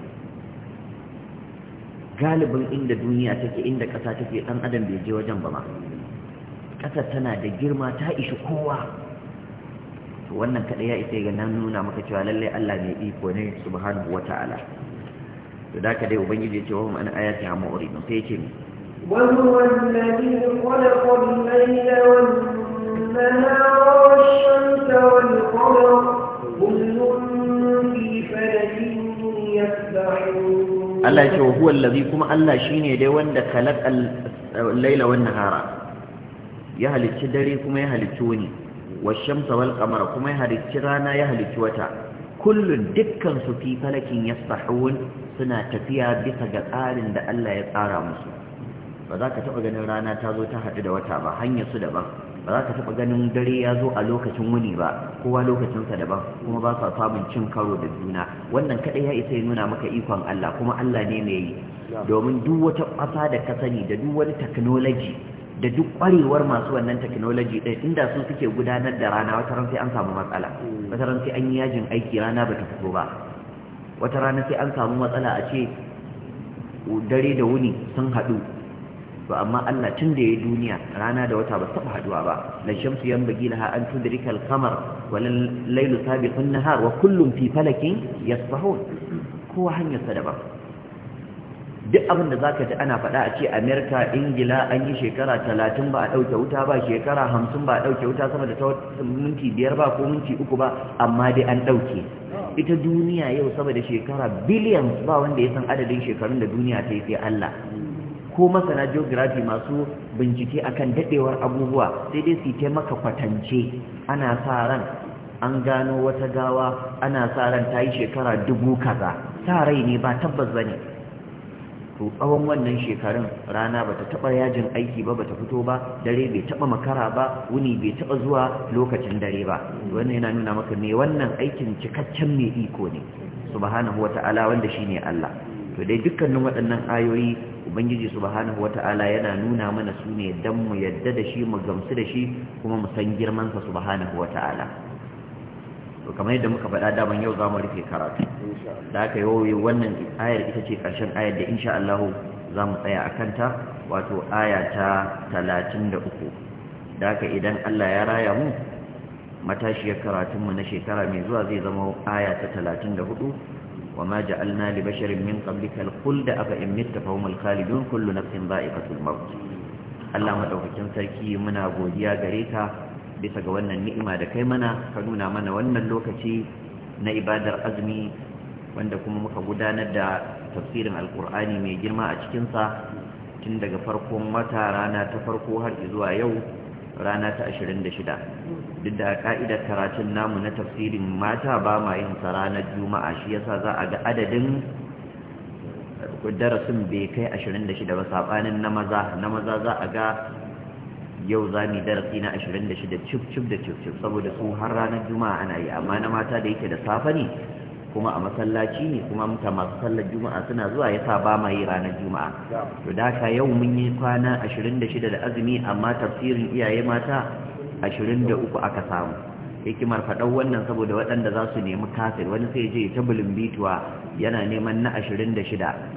galibin inda duniya take inda ƙasa take ɗan adam bai je wajen ba ma ƙasar tana da girma ta ishi kowa wannan kada ya ita ga nan nuna maka cewa lalle Allah ne iko ne subhanahu wataala to da ka dai ubangiji ya ce wa an ayati uri don sai yake Allah ce wa huwa allazi kuma Allah shine dai wanda khalaqa al-laila wan nahara ya halicci dare kuma ya halicci wani washamsa wal qamara kuma ya halicci rana ya halicci wata Kullum dukkan su fi falakin yasbahun suna tafiya bisa ga tsarin da Allah ya tsara musu ba za ka taɓa ganin rana ta zo ta haɗu da wata ba hanyar su daban ba za ka taɓa ganin dare ya zo a lokacin wuni ba kowa lokacinsa daban kuma ba sa samun cin karo da juna wannan kaɗai ya isa ya nuna maka ikon Allah kuma Allah ne mai yi domin duk wata ƙasa da ka sani da duk wani technology da duk kwarewar masu wannan technology ɗin inda su suke gudanar da rana wata ran sai an samu matsala wata ran sai an yi yajin aiki rana ba ta fito ba wata rana sai an samu matsala a ce dare da wuni sun haɗu to amma Allah tun da ya duniya rana da wata ba taɓa haɗuwa ba la shamsu yanbaghi laha an tudrika al-qamar wa lailu sabiqun nahar wa kullun fi falakin yasbahun kowa hanyarsa daban duk abin da zaka ji ana faɗa a ce amerika ingila an yi shekara talatin ba a ɗauke wuta ba shekara hamsin ba a ɗauke wuta sama da minti biyar ba ko minti uku ba amma dai an ɗauke ita duniya yau saboda shekara biliyan ba wanda ya san adadin shekarun da duniya ta yi sai allah ko masana geography masu bincike akan daɗewar abubuwa sai dai su taimaka kwatance ana sa ran an gano wata gawa ana sa ran ta yi shekara dubu kaza sa rai ne ba tabbas ba ne to tsawon wannan shekarun rana ba ta taɓa yajin aiki ba ba ta fito ba dare bai taɓa makara ba wuni bai taɓa zuwa lokacin dare ba wannan yana nuna maka me wannan aikin cikakken mai iko ne subhanahu wata'ala wanda shi ne Allah to dai dukkanin waɗannan ayoyi ubangiji subhanahu wata'ala yana nuna mana su ne dan mu yadda da shi mu gamsu da shi kuma mu san girman sa subhanahu wata'ala to kamar yadda muka faɗa daman yau za mu rufe karatu da aka yi wannan ayar ita ce ƙarshen ayar da insha Allah za mu tsaya a kanta wato aya ta talatin da uku da aka idan Allah ya raya mu matashiyar karatunmu na shekara mai zuwa zai zama aya ta talatin da hudu wa ma ja'alna li basharin min qablika al-khuld afa in mitta fa humul khalidun kullu nafsin dha'iqatul maut Allah madaukakin sarki muna godiya gare ka bisa ga wannan ni'ima da kai mana ka nuna mana wannan lokaci na ibadar azumi wanda kuma muka gudanar da tafsirin alkur'ani mai girma a cikinsa tun daga farkon wata rana ta farko har zuwa yau rana ta 26 duk da ka'idar karatun namu na tafsirin mata ba ma yin sa ranar juma'a shi yasa za a ga adadin darasin bai kai 26 ba sabanin na maza na maza za a ga yau za mu darasi na 26 cif cif da cif cif saboda su har ranar juma'a ana yi amma na mata da yake da safa ne kuma a masallaci ne kuma muta masu sallar juma'a suna zuwa ya sa ba ma yi ranar juma'a to da ka yau mun yi kwana 26 da azumi amma tafsirin iyaye mata 23 aka samu hikimar faɗau wannan saboda waɗanda za su nemi kafir wani sai je ta bulin bituwa yana neman na 26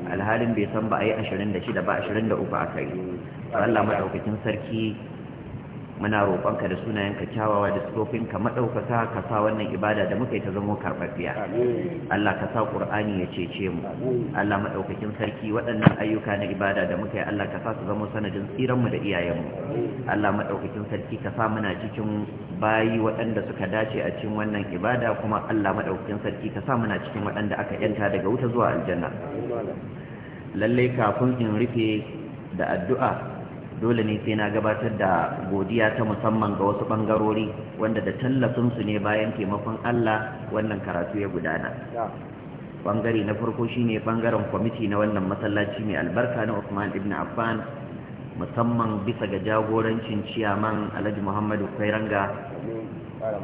alhalin bai san ba a yi 26 ba 23 aka yi Allah maɗaukakin sarki muna roƙonka da sunayenka kyawawa da sufofinka maɗaukaka ka sa wannan ibada da muka yi ta zama karɓaɓɓiya Allah ka sa ƙur'ani ya cece mu Allah maɗaukakin sarki waɗannan ayyuka na ibada da muka yi Allah ka sa su zamo sanadin tsiranmu da iyayenmu Allah maɗaukakin sarki ka sa muna cikin bayi waɗanda suka dace a cikin wannan ibada kuma Allah maɗaukakin sarki ka sa muna cikin waɗanda aka yanta daga wuta zuwa aljanna Lallai kafin in rufe da addu'a dole ne sai na gabatar da godiya ta musamman ga wasu ɓangarori wanda da tallafinsu ne bayan taimakon Allah wannan karatu ya gudana. Ɓangare na farko shine bangaren ɓangaren kwamiti na wannan masallaci mai albarka na Usman ibn Affan musamman bisa ga jagorancin ciyaman Alhaji Muhammadu Kwairanga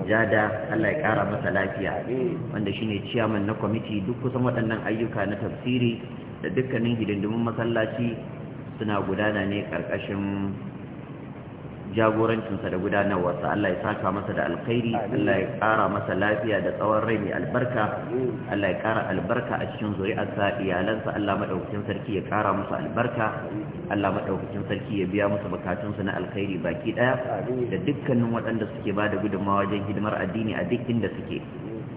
jada Allah ya ƙara masa lafiya wanda shine ciyaman na kwamiti duk kusan waɗannan ayyuka na tafsiri da dukkanin hidindimin masallaci suna gudana ne karkashin jagorancinsa da gudanarwarsa Allah ya saka masa da alkhairi Allah ya ƙara masa lafiya da tsawon rai mai albarka Allah ya ƙara albarka a cikin zuri'arsa iyalansa Allah maɗaukacin sarki ya ƙara musu albarka Allah maɗaukacin sarki ya biya musu bukatunsu na alkhairi baki ɗaya da dukkanin waɗanda suke ba da gudunmawa wajen hidimar addini a duk inda suke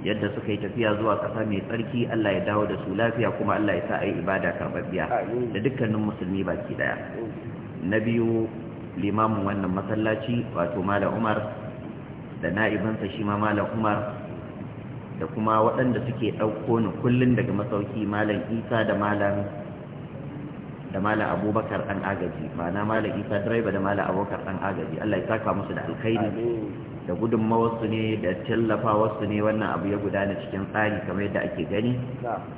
yadda suka yi tafiya zuwa ƙasa mai tsarki Allah ya dawo da su lafiya kuma Allah ya sa a yi ibada karɓaɓɓiya da dukkanin musulmi baki ɗaya na biyu limamin wannan masallaci wato Malam umar da na'ibinsa shi ma umar da kuma waɗanda suke ɗauko ni kullum daga masauki malam isa da malam da malam abubakar ɗan agaji ma'ana malam isa direba da malam abubakar ɗan agaji allah ya saka musu da alkhairi da gudunmawarsu ne da tallafawarsu ne wannan abu ya gudana cikin tsari kamar yadda ake gani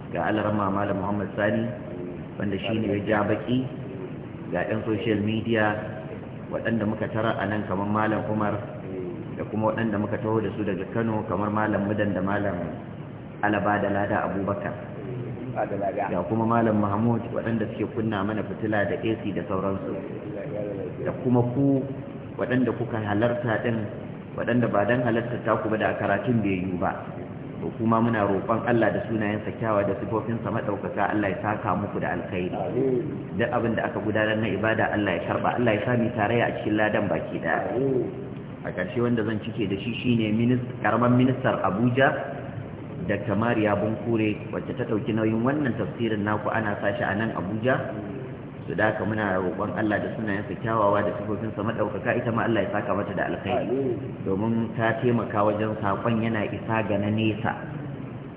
ga alarama malam muhammad sani wanda shi ne ya ja baki ga 'yan social media waɗanda muka tara a nan kamar malam umar da kuma waɗanda muka taho da su daga kano kamar malam mudan da malam alaba da lada abubakar da kuma malam mahmud waɗanda suke kunna mana fitila da ac da sauransu da kuma ku waɗanda kuka halarta ɗin waɗanda ba don halatta taku ba da karatun bai yiwu ba ko kuma muna roƙon Allah da sunayensa kyawa da sifofinsa maɗaukaka Allah ya saka muku da alkhairi duk abin da aka gudanar na ibada Allah ya karɓa Allah ya sami tarayya a cikin ladan baki ɗaya a ƙarshe wanda zan cike da shi shine karaman ministar Abuja Dr. maria Bunkure wacce ta ɗauki nauyin wannan tafsirin naku ana sashi a nan Abuja to da haka muna roƙon Allah da sunayen sa kyawawa da sifofin sa madaukaka ita ma Allah ya saka mata da alkhairi domin ta taimaka wajen sakon yana isa ga na nesa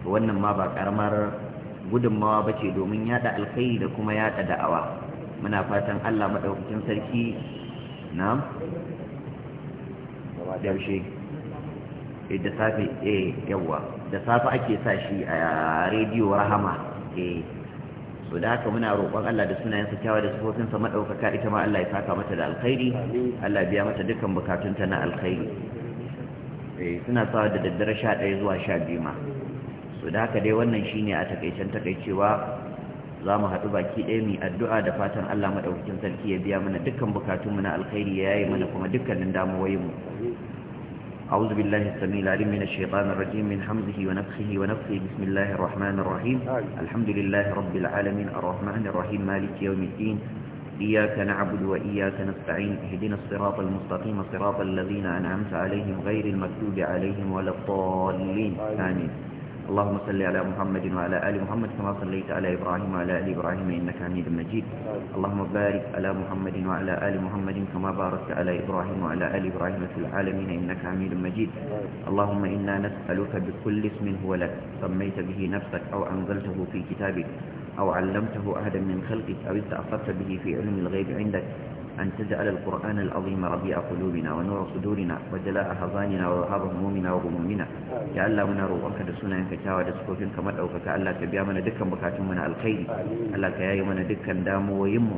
to wannan ma ba karamar gudunmawa bace domin yada alkhairi da kuma yada da'awa muna fatan Allah madaukakin sarki na'am yaushe eh, da safe eh yawa da safe ake sa shi a rediyo rahama eh to da haka muna roƙon Allah da sunayen sa kyawa da sifofin sa madaukaka ita ma Allah ya saka mata da alkhairi Allah biya mata dukkan bukatunta na alkhairi eh suna sawa da daddare 11 zuwa 12 ma to da haka dai wannan shine a takeicen takeicewa za mu haɗu baki ɗaya mai addu'a da fatan Allah madaukakin sarki ya biya mana dukkan bukatunmu na alkhairi ya yi mana kuma dukkanin mu. أعوذ بالله السميع العليم من الشيطان الرجيم من حمزه ونفخه ونفخه بسم الله الرحمن الرحيم الحمد لله رب العالمين الرحمن الرحيم مالك يوم الدين إياك نعبد وإياك نستعين اهدنا الصراط المستقيم صراط الذين أنعمت عليهم غير المكتوب عليهم ولا الضالين آمين اللهم صل على محمد وعلى آل محمد كما صليت على إبراهيم وعلى آل إبراهيم إنك حميد مجيد اللهم بارك على محمد وعلى آل محمد كما باركت على إبراهيم وعلى آل إبراهيم في العالمين إنك حميد مجيد اللهم إنا نسألك بكل اسم هو لك سميت به نفسك أو أنزلته في كتابك أو علمته أحدا من خلقك أو استأثرت به في علم الغيب عندك أن تجعل القرآن العظيم ربيع قلوبنا ونور صدورنا وجلاء أحضاننا وذهاب همومنا وغمومنا يا الله من روحك دسونا إنك تاوى دسكوتين كما أوكك ألا كبيامنا دكا بكاتمنا الخير ألا كيايمنا دكا دامو ويمو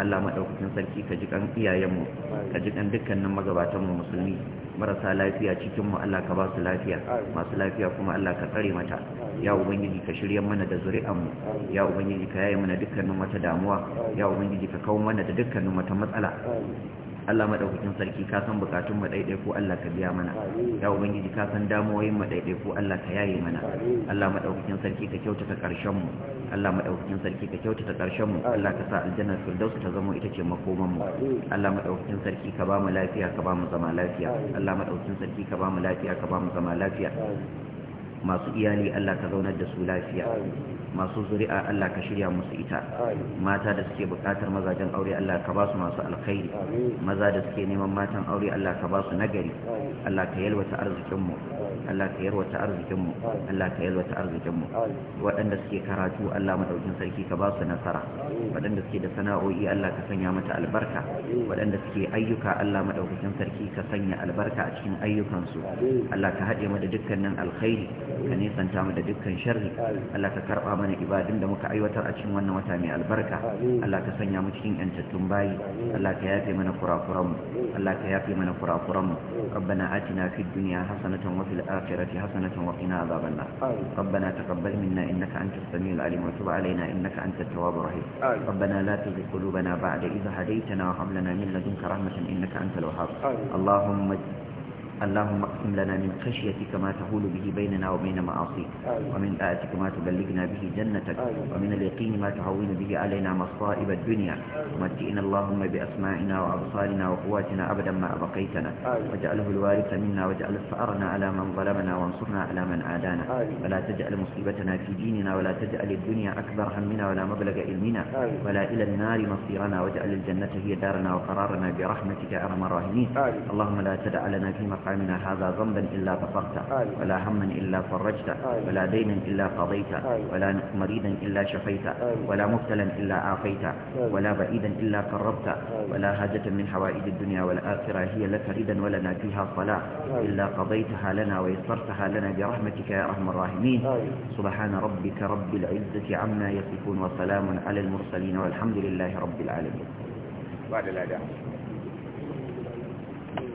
ألا ما أوكتن سلكي كجك أن إيا يمو كجك أن دكا نمغباتم المسلمين marasa lafiya cikinmu Allah ka ba su lafiya masu lafiya kuma Allah ka tsare mata ya ubangiji ka shirya mana da zuri'anmu ya ubangiji ka yaye mana dukkanin wata damuwa ya ubangiji ka kawo mana da dukkanin wata matsala Allah madaukakin sarki ka san bukatun mu daidai ko Allah ka biya mana ya ubangiji ka san damuwoyin mu daidai ko Allah ka yaye mana Allah madaukakin sarki ka kyautata karshen mu Allah madaukakin sarki ka kyautata karshen mu Allah ka sa aljannar firdaus ta zama ita ce makoman mu Allah madaukakin sarki ka ba mu lafiya ka ba mu zama lafiya Allah madaukakin sarki ka ba mu lafiya ka ba mu zama lafiya masu iyali Allah ka zaunar da su lafiya masu zuri'a Allah ka shirya musu ita mata da suke bukatar mazajen aure Allah ka ba su masu alkhairi maza da suke neman matan aure Allah ka ba su nagari Allah ka yalwata arzikinmu Allah ka yarwata arzikinmu Allah ka yarwata arzikinmu waɗanda suke karatu Allah madaukin sarki ka ba su nasara waɗanda suke da sana'o'i Allah ka sanya mata albarka waɗanda suke ayyuka Allah madaukakin sarki ka sanya albarka a cikin ayyukansu Allah ka haɗe mu da dukkanin alkhairi ka nisanta mu da dukkan sharri Allah ka karɓa mana ibadun da muka aiwatar a cikin wannan wata mai albarka Allah ka sanya mu cikin yantattun bayi Allah ka yafe mana kurakuranmu Allah ka yafe mana kurakuranmu ربنا آتنا في الدنيا حسنة وفي الآخرة الآخرة حسنة وقنا عذاب النار ربنا تقبل منا إنك أنت السميع العليم وتب علينا إنك أنت التواب الرحيم ربنا لا تزغ قلوبنا بعد إذ هديتنا وهب لنا من لدنك رحمة إنك أنت الوهاب اللهم اللهم اقسم لنا من خشيتك ما تهول به بيننا وبين معاصيك ومن آتك ما تبلغنا به جنتك ومن اليقين ما تهون به علينا مصائب الدنيا ومتئنا اللهم بأسمائنا وأبصارنا وقواتنا أبدا ما أبقيتنا واجعله الوارث منا واجعل ثأرنا على من ظلمنا وانصرنا على من عادانا ولا تجعل مصيبتنا في ديننا ولا تجعل الدنيا أكبر همنا ولا مبلغ علمنا ولا إلى النار مصيرنا واجعل الجنة هي دارنا وقرارنا برحمتك أرم أرحم الراحمين اللهم لا تدع لنا في مقام منا هذا ذنبا إلا غفرته ولا هما إلا فرجته ولا دينا إلا قضيته ولا مريضا إلا شفيته ولا مبتلا إلا عافيته ولا بعيدا إلا قربته ولا حاجة من حوائج الدنيا والآخرة هي لك ردا ولنا فيها صلاة إلا قضيتها لنا ويسرتها لنا برحمتك يا أرحم الراحمين سبحان ربك رب العزة عما يصفون وسلام على المرسلين والحمد لله رب العالمين بعد الأداء